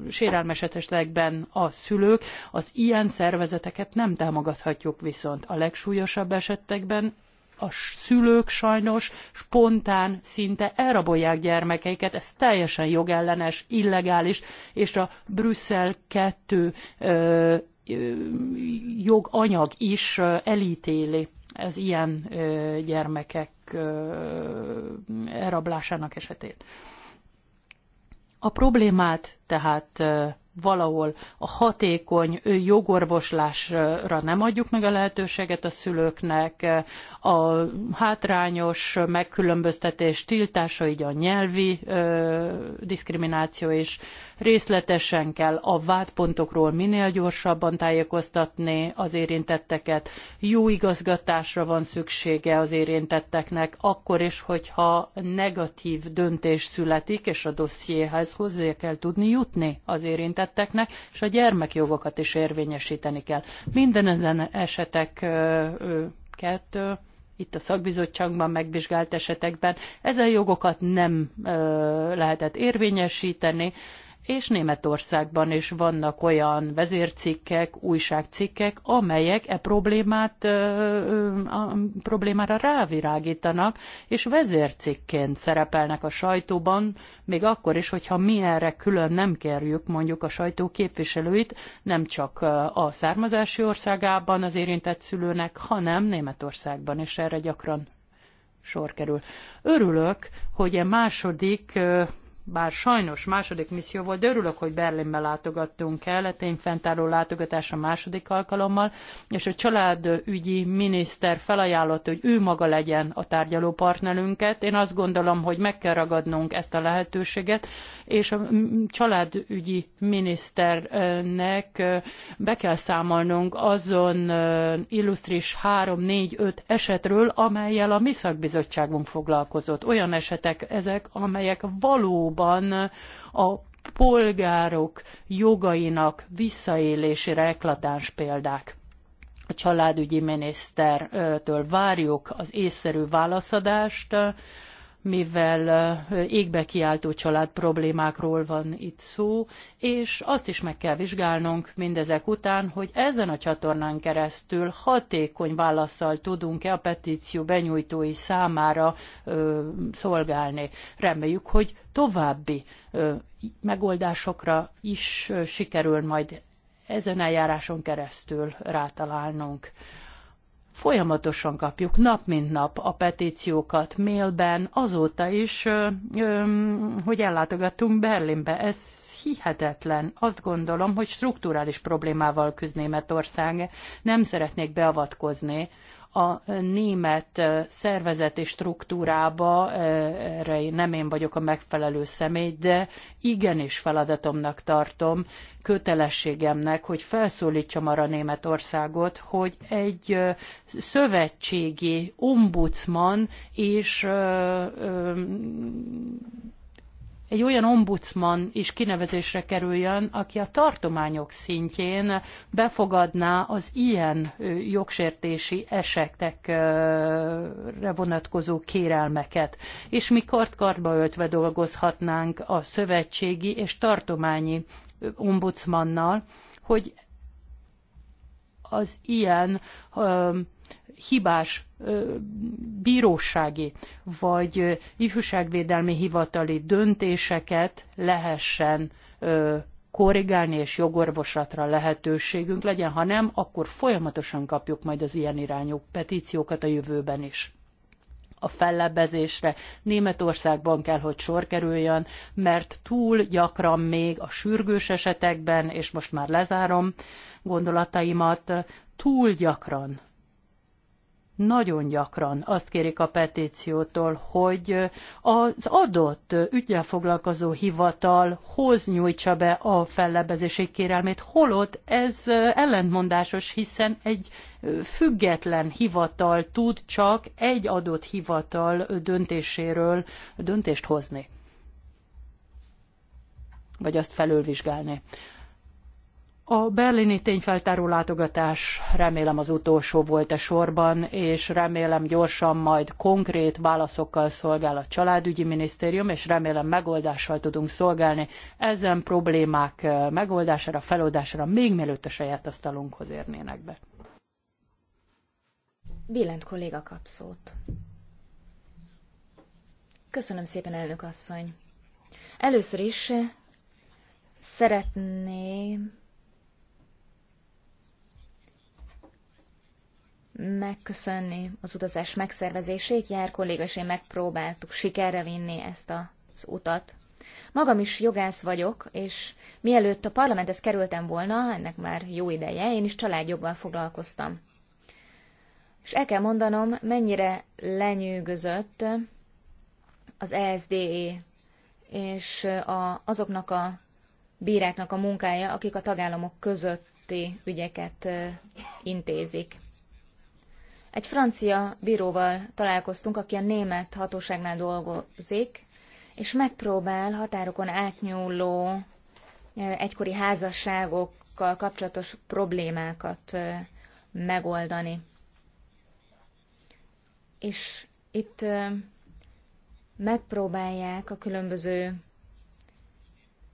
sérelmes esetekben a szülők. Az ilyen Ilyen szervezeteket nem támogathatjuk viszont. A legsúlyosabb esetekben a szülők sajnos spontán szinte elrabolják gyermekeiket, ez teljesen jogellenes, illegális, és a Brüsszel 2 ö, ö, joganyag is elítéli ez ilyen ö, gyermekek elrablásának esetét. A problémát tehát valahol a hatékony jogorvoslásra nem adjuk meg a lehetőséget a szülőknek, a hátrányos megkülönböztetés tiltása, így a nyelvi ö, diszkrimináció is. Részletesen kell a vádpontokról minél gyorsabban tájékoztatni az érintetteket. Jó igazgatásra van szüksége az érintetteknek, akkor is, hogyha negatív döntés születik, és a dossziéhez hozzá kell tudni jutni az érintetteknek érintetteknek, és a gyermekjogokat is érvényesíteni kell. Minden ezen kettő, itt a szakbizottságban megvizsgált esetekben ezen jogokat nem lehetett érvényesíteni, és Németországban is vannak olyan vezércikkek, újságcikkek, amelyek e problémát, a problémára rávirágítanak, és vezércikként szerepelnek a sajtóban, még akkor is, hogyha mi erre külön nem kérjük mondjuk a sajtó képviselőit, nem csak a származási országában az érintett szülőnek, hanem Németországban is erre gyakran sor kerül. Örülök, hogy a második bár sajnos második misszió volt, de örülök, hogy Berlinbe látogattunk el, a tényfentálló látogatás a második alkalommal, és a családügyi miniszter felajánlott, hogy ő maga legyen a tárgyaló partnerünket. Én azt gondolom, hogy meg kell ragadnunk ezt a lehetőséget, és a családügyi miniszternek be kell számolnunk azon illusztris 3-4-5 esetről, amelyel a mi szakbizottságunk foglalkozott. Olyan esetek ezek, amelyek való valóban a polgárok jogainak visszaélésére eklatáns példák. A családügyi minisztertől várjuk az észszerű válaszadást, mivel égbe kiáltó család problémákról van itt szó, és azt is meg kell vizsgálnunk mindezek után, hogy ezen a csatornán keresztül hatékony válaszsal tudunk-e a petíció benyújtói számára ö, szolgálni. Reméljük, hogy további ö, megoldásokra is ö, sikerül majd ezen eljáráson keresztül rátalálnunk folyamatosan kapjuk nap mint nap a petíciókat mailben, azóta is, hogy ellátogattunk Berlinbe. Ez hihetetlen. Azt gondolom, hogy strukturális problémával küzd Németország. Nem szeretnék beavatkozni a német szervezeti struktúrába, erre nem én vagyok a megfelelő személy, de igenis feladatomnak tartom, kötelességemnek, hogy felszólítsam arra Németországot, hogy egy szövetségi ombudsman és egy olyan ombudsman is kinevezésre kerüljön, aki a tartományok szintjén befogadná az ilyen jogsértési esetekre vonatkozó kérelmeket. És mi kartkarba öltve dolgozhatnánk a szövetségi és tartományi ombudsmannal, hogy az ilyen hibás bírósági vagy ifjúságvédelmi hivatali döntéseket lehessen korrigálni és jogorvoslatra lehetőségünk legyen, ha nem, akkor folyamatosan kapjuk majd az ilyen irányú petíciókat a jövőben is a fellebbezésre Németországban kell, hogy sor kerüljön, mert túl gyakran még a sürgős esetekben, és most már lezárom gondolataimat, túl gyakran nagyon gyakran azt kérik a petíciótól, hogy az adott ügyel foglalkozó hoz nyújtsa be a fellebezési kérelmét, holott ez ellentmondásos, hiszen egy független hivatal tud csak egy adott hivatal döntéséről döntést hozni vagy azt felülvizsgálni. A berlini tényfeltáró látogatás remélem az utolsó volt a sorban, és remélem gyorsan majd konkrét válaszokkal szolgál a családügyi minisztérium, és remélem megoldással tudunk szolgálni ezen problémák eh, megoldására, feloldására, még mielőtt a saját asztalunkhoz érnének be. Billent kolléga kap szót. Köszönöm szépen, elnök asszony. Először is eh, szeretném megköszönni az utazás megszervezését. Jár kolléga és én megpróbáltuk sikerre vinni ezt az utat. Magam is jogász vagyok, és mielőtt a parlamenthez kerültem volna, ennek már jó ideje, én is családjoggal foglalkoztam. És el kell mondanom, mennyire lenyűgözött az ESDE e és a, azoknak a bíráknak a munkája, akik a tagállamok közötti ügyeket intézik. Egy francia bíróval találkoztunk, aki a német hatóságnál dolgozik, és megpróbál határokon átnyúló egykori házasságokkal kapcsolatos problémákat megoldani. És itt megpróbálják a különböző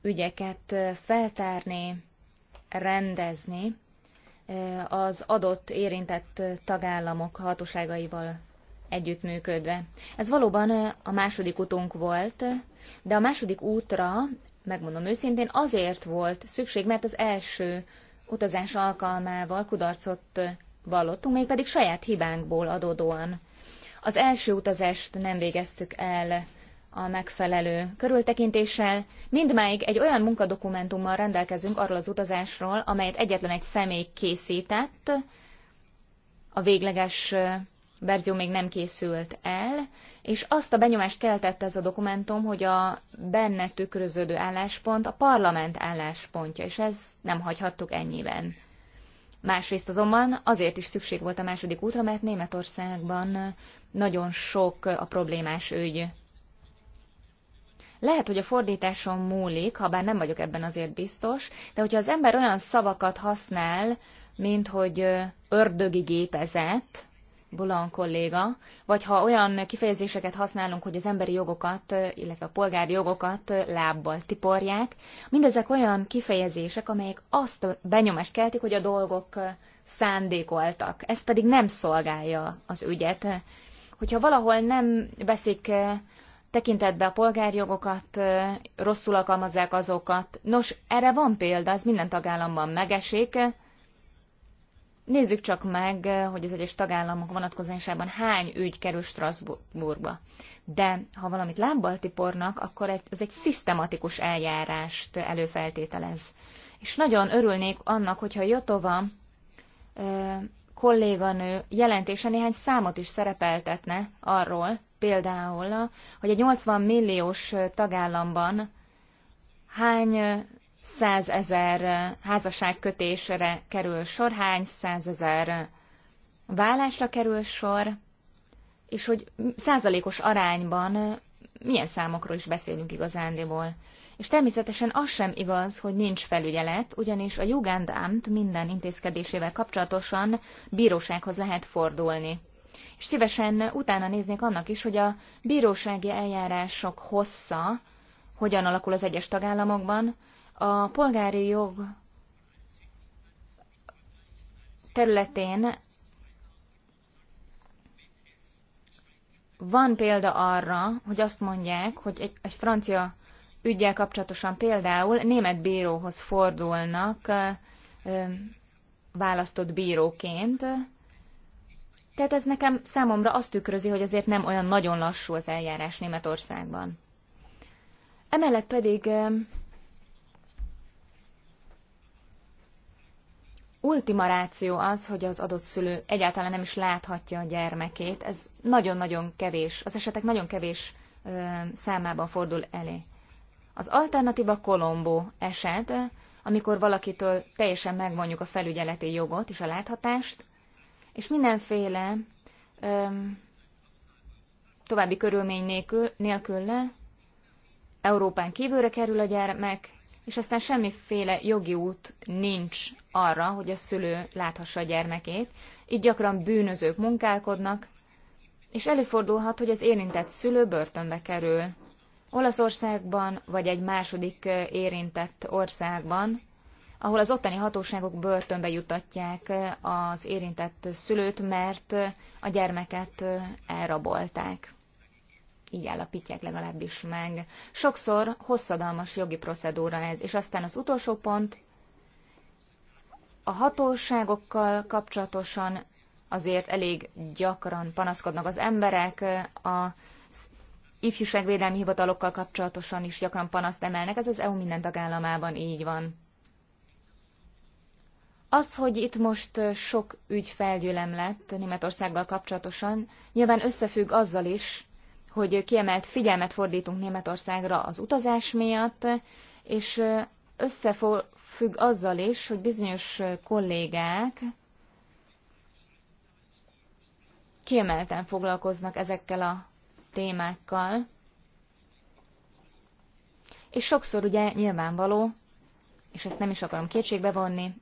ügyeket feltárni, rendezni, az adott érintett tagállamok hatóságaival együttműködve. Ez valóban a második utunk volt, de a második útra, megmondom őszintén, azért volt szükség, mert az első utazás alkalmával kudarcot vallottunk, mégpedig saját hibánkból adódóan. Az első utazást nem végeztük el a megfelelő körültekintéssel. Mindmáig egy olyan munkadokumentummal rendelkezünk arról az utazásról, amelyet egyetlen egy személy készített, a végleges verzió még nem készült el, és azt a benyomást keltette ez a dokumentum, hogy a benne tükröződő álláspont a parlament álláspontja, és ez nem hagyhattuk ennyiben. Másrészt azonban azért is szükség volt a második útra, mert Németországban nagyon sok a problémás ügy. Lehet, hogy a fordításon múlik, ha bár nem vagyok ebben azért biztos, de hogyha az ember olyan szavakat használ, mint hogy ördögi gépezet, Bulan kolléga, vagy ha olyan kifejezéseket használunk, hogy az emberi jogokat, illetve a polgári jogokat lábbal tiporják, mindezek olyan kifejezések, amelyek azt a benyomást keltik, hogy a dolgok szándékoltak. Ez pedig nem szolgálja az ügyet. Hogyha valahol nem veszik tekintetbe a polgárjogokat, rosszul alkalmazzák azokat. Nos, erre van példa, ez minden tagállamban megesik. Nézzük csak meg, hogy az egyes tagállamok vonatkozásában hány ügy kerül Strasbourgba. De ha valamit lábbal tipornak, akkor ez egy szisztematikus eljárást előfeltételez. És nagyon örülnék annak, hogyha Jotova kolléganő jelentése néhány számot is szerepeltetne arról, például, hogy egy 80 milliós tagállamban hány százezer házasságkötésre kerül sor, hány százezer vállásra kerül sor, és hogy százalékos arányban milyen számokról is beszélünk igazándiból. És természetesen az sem igaz, hogy nincs felügyelet, ugyanis a Jugendamt minden intézkedésével kapcsolatosan bírósághoz lehet fordulni és szívesen utána néznék annak is, hogy a bírósági eljárások hossza hogyan alakul az egyes tagállamokban, a polgári jog területén van példa arra, hogy azt mondják, hogy egy, egy francia ügyel kapcsolatosan például német bíróhoz fordulnak választott bíróként, tehát ez nekem számomra azt tükrözi, hogy azért nem olyan nagyon lassú az eljárás Németországban. Emellett pedig ultima ráció az, hogy az adott szülő egyáltalán nem is láthatja a gyermekét. Ez nagyon-nagyon kevés, az esetek nagyon kevés ö, számában fordul elé. Az alternatíva Kolombó eset, amikor valakitől teljesen megvonjuk a felügyeleti jogot és a láthatást, és mindenféle öm, további körülmény nélkül, nélkül le, Európán kívülre kerül a gyermek, és aztán semmiféle jogi út nincs arra, hogy a szülő láthassa a gyermekét. Így gyakran bűnözők munkálkodnak, és előfordulhat, hogy az érintett szülő börtönbe kerül. Olaszországban, vagy egy második érintett országban, ahol az ottani hatóságok börtönbe jutatják eh, az érintett szülőt, mert eh, a gyermeket eh, elrabolták. Így állapítják legalábbis meg. Sokszor hosszadalmas jogi procedúra ez, és aztán az utolsó pont, a hatóságokkal kapcsolatosan azért elég gyakran panaszkodnak az emberek, a ifjúságvédelmi hivatalokkal kapcsolatosan is gyakran panaszt emelnek, ez az EU minden tagállamában így van. Az, hogy itt most sok ügy felgyőlem lett Németországgal kapcsolatosan, nyilván összefügg azzal is, hogy kiemelt figyelmet fordítunk Németországra az utazás miatt, és összefügg azzal is, hogy bizonyos kollégák kiemelten foglalkoznak ezekkel a témákkal, és sokszor ugye nyilvánvaló, és ezt nem is akarom kétségbe vonni,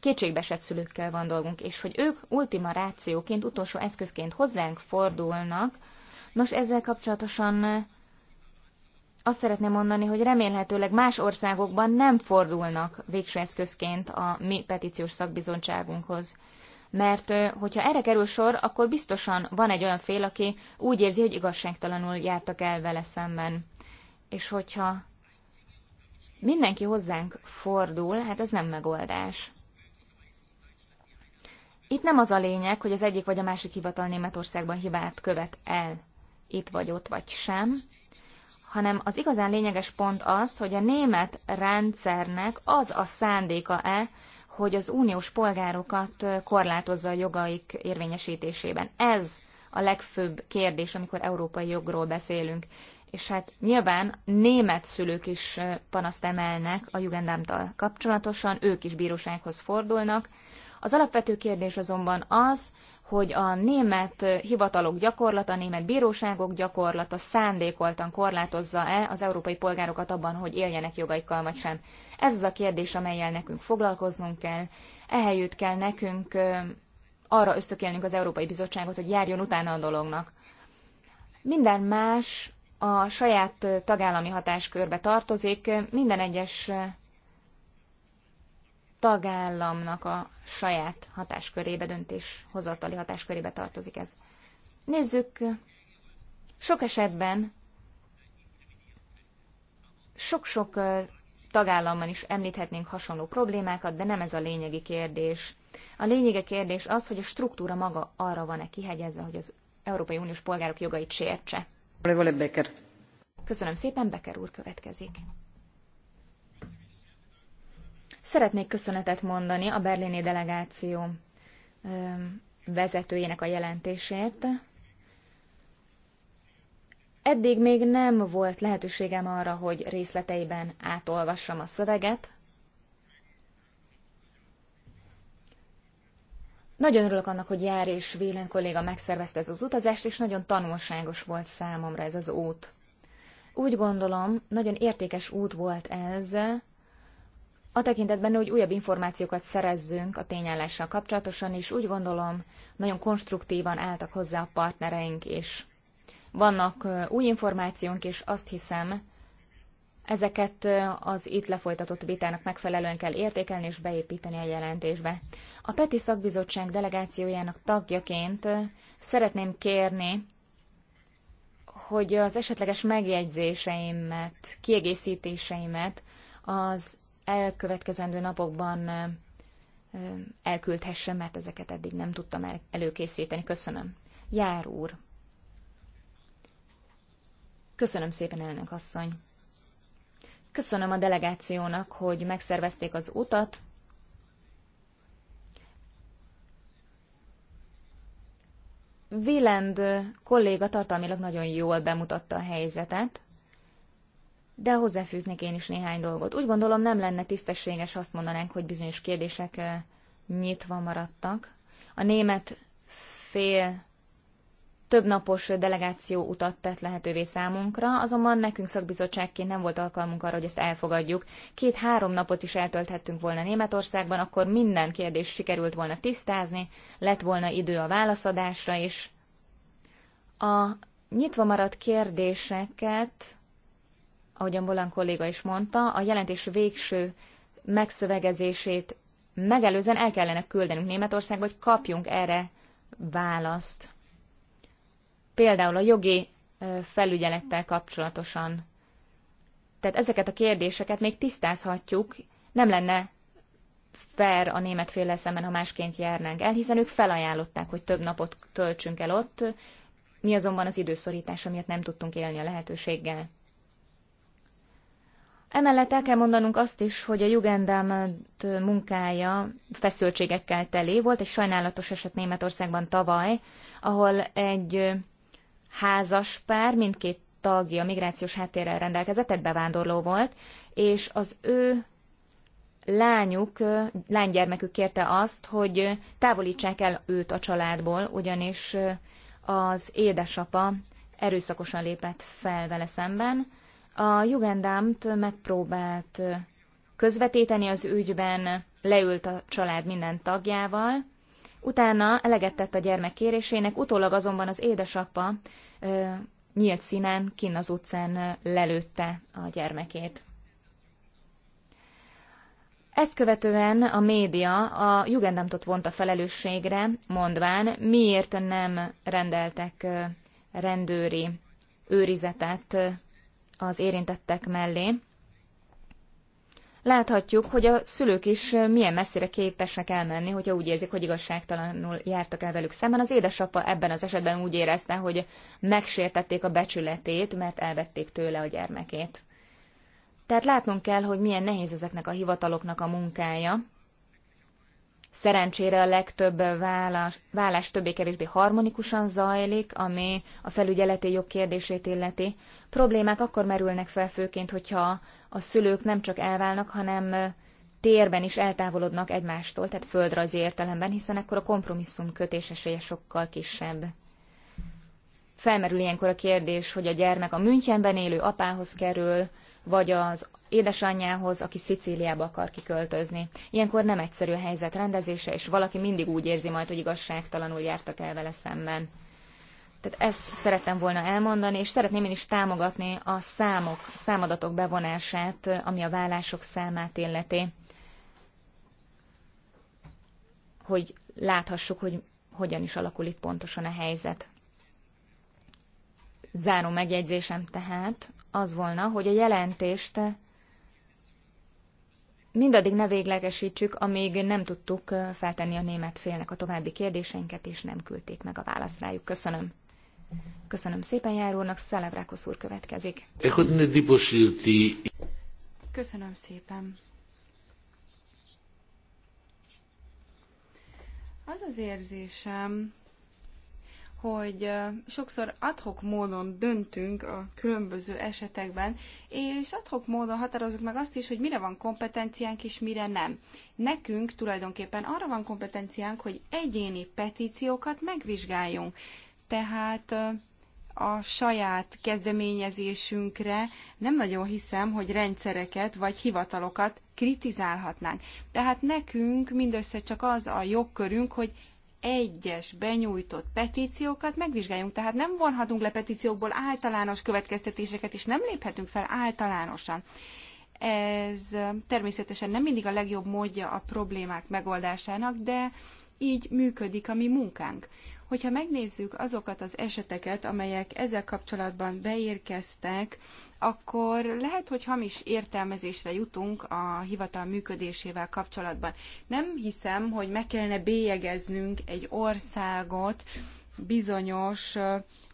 kétségbesett szülőkkel van dolgunk, és hogy ők ultima rációként, utolsó eszközként hozzánk fordulnak, nos ezzel kapcsolatosan azt szeretném mondani, hogy remélhetőleg más országokban nem fordulnak végső eszközként a mi petíciós szakbizottságunkhoz. Mert hogyha erre kerül sor, akkor biztosan van egy olyan fél, aki úgy érzi, hogy igazságtalanul jártak el vele szemben. És hogyha mindenki hozzánk fordul, hát ez nem megoldás. Itt nem az a lényeg, hogy az egyik vagy a másik hivatal Németországban hibát követ el, itt vagy ott vagy sem, hanem az igazán lényeges pont az, hogy a német rendszernek az a szándéka-e, hogy az uniós polgárokat korlátozza a jogaik érvényesítésében. Ez a legfőbb kérdés, amikor európai jogról beszélünk és hát nyilván német szülők is panaszt emelnek a Jugendámtal kapcsolatosan, ők is bírósághoz fordulnak. Az alapvető kérdés azonban az, hogy a német hivatalok gyakorlata, a német bíróságok gyakorlata szándékoltan korlátozza-e az európai polgárokat abban, hogy éljenek jogaikkal vagy sem. Ez az a kérdés, amelyel nekünk foglalkoznunk kell. Ehelyütt kell nekünk arra ösztökélnünk az Európai Bizottságot, hogy járjon utána a dolognak. Minden más a saját tagállami hatáskörbe tartozik, minden egyes tagállamnak a saját hatáskörébe, döntéshozatali hatáskörébe tartozik ez. Nézzük, sok esetben sok-sok tagállamban is említhetnénk hasonló problémákat, de nem ez a lényegi kérdés. A lényegi kérdés az, hogy a struktúra maga arra van-e kihegyezve, hogy az Európai Uniós polgárok jogait sértse. Köszönöm szépen, Becker úr következik. Szeretnék köszönetet mondani a berlini delegáció vezetőjének a jelentését. Eddig még nem volt lehetőségem arra, hogy részleteiben átolvassam a szöveget, Nagyon örülök annak, hogy Jár és Vélen kolléga megszervezte ez az utazást, és nagyon tanulságos volt számomra ez az út. Úgy gondolom, nagyon értékes út volt ez, a tekintetben, hogy újabb információkat szerezzünk a tényállással kapcsolatosan, és úgy gondolom, nagyon konstruktívan álltak hozzá a partnereink és Vannak új információnk, és azt hiszem, Ezeket az itt lefolytatott vitának megfelelően kell értékelni és beépíteni a jelentésbe. A PETI szakbizottság delegációjának tagjaként szeretném kérni, hogy az esetleges megjegyzéseimet, kiegészítéseimet az elkövetkezendő napokban elküldhessem, mert ezeket eddig nem tudtam előkészíteni. Köszönöm. Jár úr. Köszönöm szépen, elnök asszony. Köszönöm a delegációnak, hogy megszervezték az utat. Viland kolléga tartalmilag nagyon jól bemutatta a helyzetet, de hozzáfűznék én is néhány dolgot. Úgy gondolom nem lenne tisztességes azt mondanánk, hogy bizonyos kérdések eh, nyitva maradtak. A német fél több napos delegáció utat tett lehetővé számunkra, azonban nekünk szakbizottságként nem volt alkalmunk arra, hogy ezt elfogadjuk. Két-három napot is eltölthettünk volna Németországban, akkor minden kérdés sikerült volna tisztázni, lett volna idő a válaszadásra, és a nyitva maradt kérdéseket, ahogyan Bolan kolléga is mondta, a jelentés végső megszövegezését megelőzen el kellene küldenünk Németországba, hogy kapjunk erre választ például a jogi felügyelettel kapcsolatosan. Tehát ezeket a kérdéseket még tisztázhatjuk, nem lenne fair a német féllel szemben, ha másként járnánk el, hiszen ők felajánlották, hogy több napot töltsünk el ott, mi azonban az időszorítás, miatt nem tudtunk élni a lehetőséggel. Emellett el kell mondanunk azt is, hogy a jugendám munkája feszültségekkel teli. Volt egy sajnálatos eset Németországban tavaly, ahol egy házas pár, mindkét tagja migrációs háttérrel rendelkezett, egy bevándorló volt, és az ő lányuk, lánygyermekük kérte azt, hogy távolítsák el őt a családból, ugyanis az édesapa erőszakosan lépett fel vele szemben. A Jugendamt megpróbált közvetíteni az ügyben, leült a család minden tagjával, Utána eleget tett a gyermek kérésének, utólag azonban az édesapa ö, nyílt színen, kinn az utcán lelőtte a gyermekét. Ezt követően a média a Jugendamtot vonta felelősségre, mondván, miért nem rendeltek rendőri őrizetet az érintettek mellé láthatjuk, hogy a szülők is milyen messzire képesnek elmenni, hogyha úgy érzik, hogy igazságtalanul jártak el velük szemben. Az édesapa ebben az esetben úgy érezte, hogy megsértették a becsületét, mert elvették tőle a gyermekét. Tehát látnunk kell, hogy milyen nehéz ezeknek a hivataloknak a munkája, Szerencsére a legtöbb vállás, vállás többé-kevésbé harmonikusan zajlik, ami a felügyeleti jog kérdését illeti. Problémák akkor merülnek fel főként, hogyha a szülők nem csak elválnak, hanem térben is eltávolodnak egymástól, tehát földrajzi értelemben, hiszen akkor a kompromisszum kötés esélye sokkal kisebb. Felmerül ilyenkor a kérdés, hogy a gyermek a Münchenben élő apához kerül, vagy az édesanyjához, aki Szicíliába akar kiköltözni. Ilyenkor nem egyszerű a helyzet rendezése, és valaki mindig úgy érzi majd, hogy igazságtalanul jártak el vele szemben. Tehát ezt szerettem volna elmondani, és szeretném én is támogatni a számok, számadatok bevonását, ami a vállások számát illeti. Hogy láthassuk, hogy hogyan is alakul itt pontosan a helyzet. Záró megjegyzésem tehát, az volna, hogy a jelentést mindaddig ne véglegesítsük, amíg nem tudtuk feltenni a német félnek a további kérdéseinket, és nem küldték meg a választ rájuk. Köszönöm. Köszönöm szépen járónak, Szelebrákos úr következik. Köszönöm szépen. Az az érzésem, hogy sokszor adhok módon döntünk a különböző esetekben, és adhok módon határozunk meg azt is, hogy mire van kompetenciánk és mire nem. Nekünk tulajdonképpen arra van kompetenciánk, hogy egyéni petíciókat megvizsgáljunk. Tehát a saját kezdeményezésünkre nem nagyon hiszem, hogy rendszereket vagy hivatalokat kritizálhatnánk. Tehát nekünk mindössze csak az a jogkörünk, hogy egyes benyújtott petíciókat megvizsgáljunk. Tehát nem vonhatunk le petíciókból általános következtetéseket, és nem léphetünk fel általánosan. Ez természetesen nem mindig a legjobb módja a problémák megoldásának, de így működik a mi munkánk. Hogyha megnézzük azokat az eseteket, amelyek ezzel kapcsolatban beérkeztek, akkor lehet, hogy hamis értelmezésre jutunk a hivatal működésével kapcsolatban. Nem hiszem, hogy meg kellene bélyegeznünk egy országot bizonyos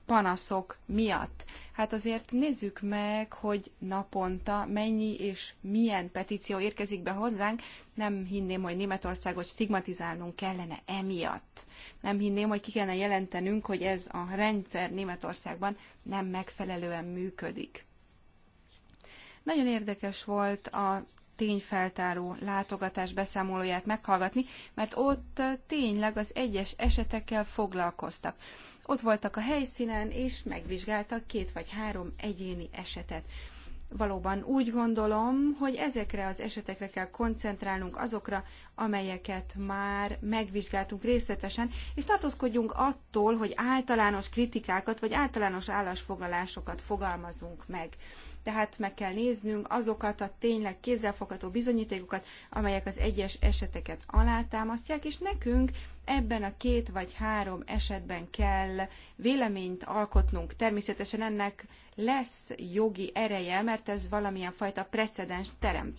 panaszok miatt. Hát azért nézzük meg, hogy naponta mennyi és milyen petíció érkezik be hozzánk. Nem hinném, hogy Németországot stigmatizálnunk kellene emiatt. Nem hinném, hogy ki kellene jelentenünk, hogy ez a rendszer Németországban nem megfelelően működik. Nagyon érdekes volt a tényfeltáró látogatás beszámolóját meghallgatni, mert ott tényleg az egyes esetekkel foglalkoztak. Ott voltak a helyszínen, és megvizsgáltak két vagy három egyéni esetet. Valóban úgy gondolom, hogy ezekre az esetekre kell koncentrálnunk, azokra, amelyeket már megvizsgáltunk részletesen, és tartózkodjunk attól, hogy általános kritikákat vagy általános állásfoglalásokat fogalmazunk meg. Tehát meg kell néznünk azokat a tényleg kézzelfogható bizonyítékokat, amelyek az egyes eseteket alátámasztják, és nekünk Ebben a két vagy három esetben kell véleményt alkotnunk. Természetesen ennek lesz jogi ereje, mert ez valamilyen fajta precedens teremt.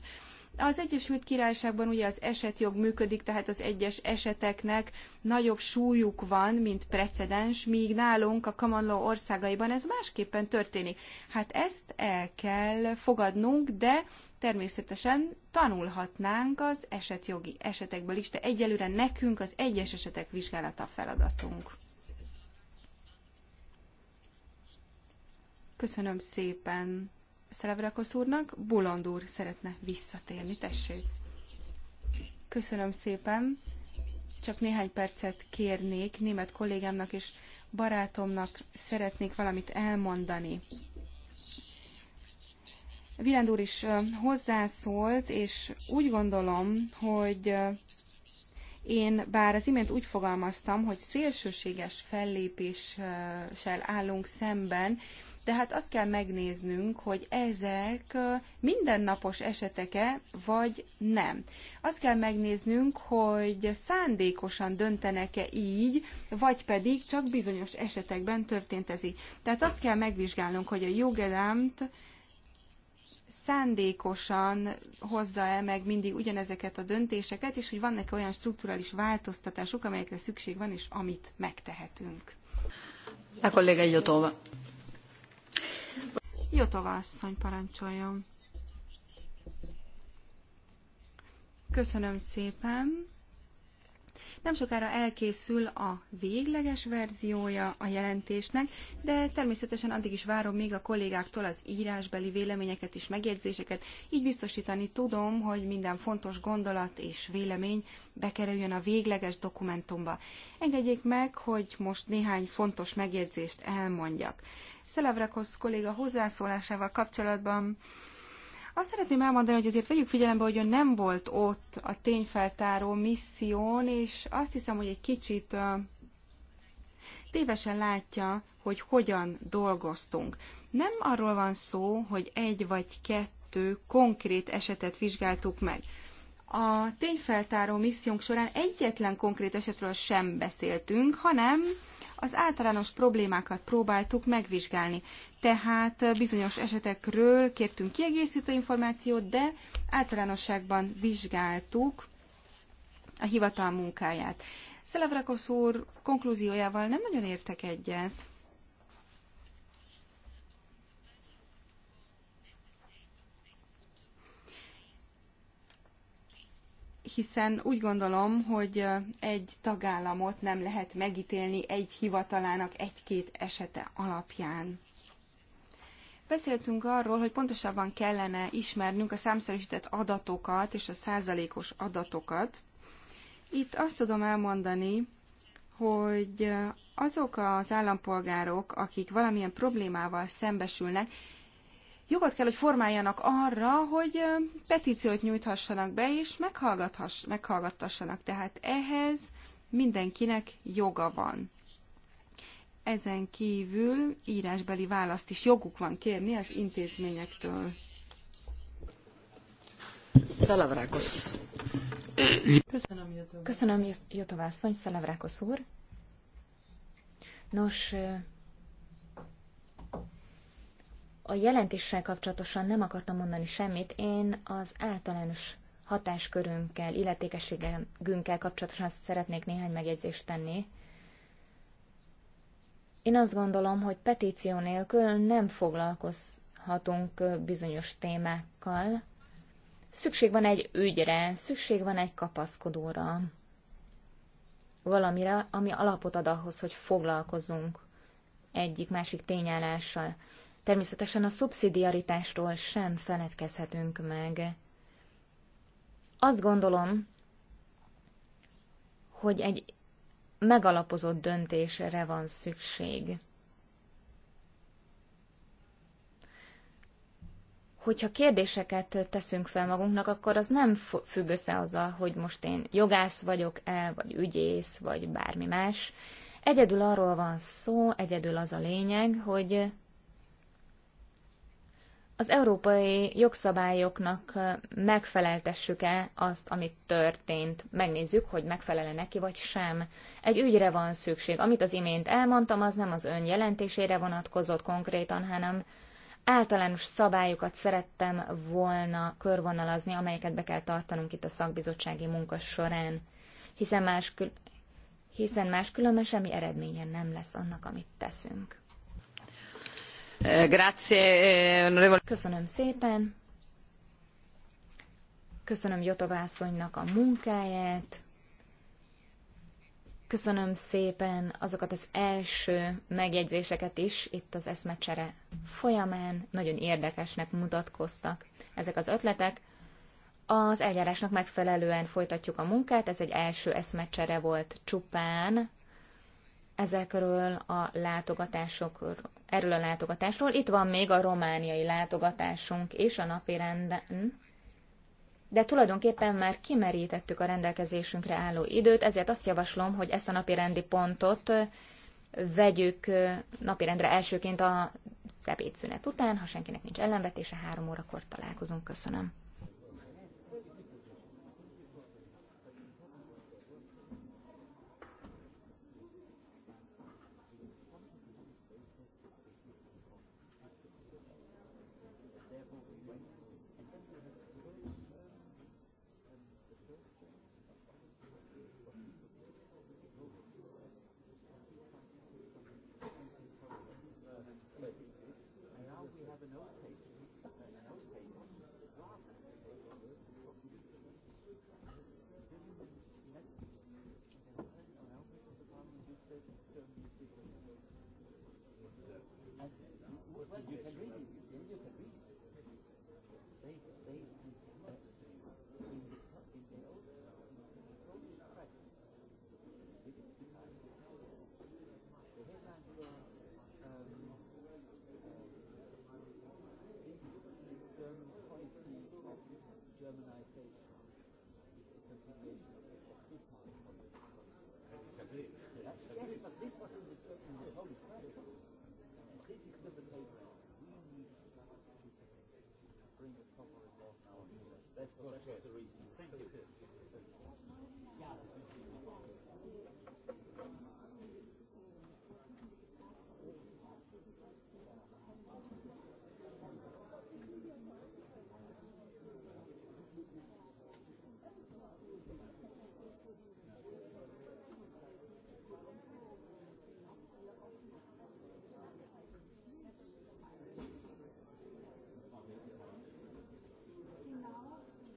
Az Egyesült Királyságban ugye az esetjog működik, tehát az egyes eseteknek nagyobb súlyuk van, mint precedens, míg nálunk a kamanló országaiban ez másképpen történik. Hát ezt el kell fogadnunk, de Természetesen tanulhatnánk az esetjogi esetekből is, de egyelőre nekünk az egyes esetek vizsgálata a feladatunk. Köszönöm szépen Szelevrakosz úrnak. Buland úr szeretne visszatérni, tessék. Köszönöm szépen. Csak néhány percet kérnék német kollégámnak és barátomnak szeretnék valamit elmondani. Viland úr is hozzászólt, és úgy gondolom, hogy én bár az imént úgy fogalmaztam, hogy szélsőséges fellépéssel állunk szemben, de hát azt kell megnéznünk, hogy ezek mindennapos eseteke, vagy nem. Azt kell megnéznünk, hogy szándékosan döntenek-e így, vagy pedig csak bizonyos esetekben történt ez így. Tehát azt kell megvizsgálnunk, hogy a jogedámt szándékosan hozza el meg mindig ugyanezeket a döntéseket, és hogy vannak e olyan strukturális változtatások, amelyekre szükség van, és amit megtehetünk. A kolléga Jotova. Jotova asszony, parancsoljon. Köszönöm szépen. Nem sokára elkészül a végleges verziója a jelentésnek, de természetesen addig is várom még a kollégáktól az írásbeli véleményeket és megjegyzéseket, így biztosítani tudom, hogy minden fontos gondolat és vélemény bekerüljön a végleges dokumentumba. Engedjék meg, hogy most néhány fontos megjegyzést elmondjak. Szelevrakosz kolléga hozzászólásával kapcsolatban azt szeretném elmondani, hogy azért vegyük figyelembe, hogy ő nem volt ott a tényfeltáró misszión, és azt hiszem, hogy egy kicsit tévesen látja, hogy hogyan dolgoztunk. Nem arról van szó, hogy egy vagy kettő konkrét esetet vizsgáltuk meg. A tényfeltáró missziónk során egyetlen konkrét esetről sem beszéltünk, hanem az általános problémákat próbáltuk megvizsgálni. Tehát bizonyos esetekről kértünk kiegészítő információt, de általánosságban vizsgáltuk a hivatal munkáját. Szelevrakosz úr konklúziójával nem nagyon értek egyet. hiszen úgy gondolom, hogy egy tagállamot nem lehet megítélni egy hivatalának egy-két esete alapján. Beszéltünk arról, hogy pontosabban kellene ismernünk a számszerűsített adatokat és a százalékos adatokat. Itt azt tudom elmondani, hogy azok az állampolgárok, akik valamilyen problémával szembesülnek, jogot kell, hogy formáljanak arra, hogy petíciót nyújthassanak be, és meghallgathass, meghallgattassanak. Tehát ehhez mindenkinek joga van. Ezen kívül írásbeli választ is joguk van kérni az intézményektől. Szalavrákos. Köszönöm, Jotovászony, Szalavrákos úr. Nos, a jelentéssel kapcsolatosan nem akartam mondani semmit, én az általános hatáskörünkkel, illetékességünkkel kapcsolatosan szeretnék néhány megjegyzést tenni. Én azt gondolom, hogy petíció nélkül nem foglalkozhatunk bizonyos témákkal. Szükség van egy ügyre, szükség van egy kapaszkodóra, valamire, ami alapot ad ahhoz, hogy foglalkozunk egyik-másik tényállással. Természetesen a szubszidiaritásról sem feledkezhetünk meg. Azt gondolom, hogy egy megalapozott döntésre van szükség. hogyha kérdéseket teszünk fel magunknak, akkor az nem függ össze azzal, hogy most én jogász vagyok-e, vagy ügyész, vagy bármi más. Egyedül arról van szó, egyedül az a lényeg, hogy az európai jogszabályoknak megfeleltessük-e azt, amit történt. Megnézzük, hogy megfelele neki vagy sem. Egy ügyre van szükség. Amit az imént elmondtam, az nem az ön jelentésére vonatkozott konkrétan, hanem általános szabályokat szerettem volna körvonalazni, amelyeket be kell tartanunk itt a szakbizottsági munka során, hiszen más, hiszen más különben semmi eredménye nem lesz annak, amit teszünk. Eh, eh, Köszönöm szépen. Köszönöm Jotovászonynak a munkáját. Köszönöm szépen azokat az első megjegyzéseket is itt az eszmecsere folyamán. Nagyon érdekesnek mutatkoztak ezek az ötletek. Az eljárásnak megfelelően folytatjuk a munkát, ez egy első eszmecsere volt csupán ezekről a látogatásokról erről a látogatásról. Itt van még a romániai látogatásunk és a napi renden, de tulajdonképpen már kimerítettük a rendelkezésünkre álló időt, ezért azt javaslom, hogy ezt a napi rendi pontot vegyük napirendre elsőként a szebédszünet után, ha senkinek nincs ellenvetése, három órakor találkozunk. Köszönöm. Thank you.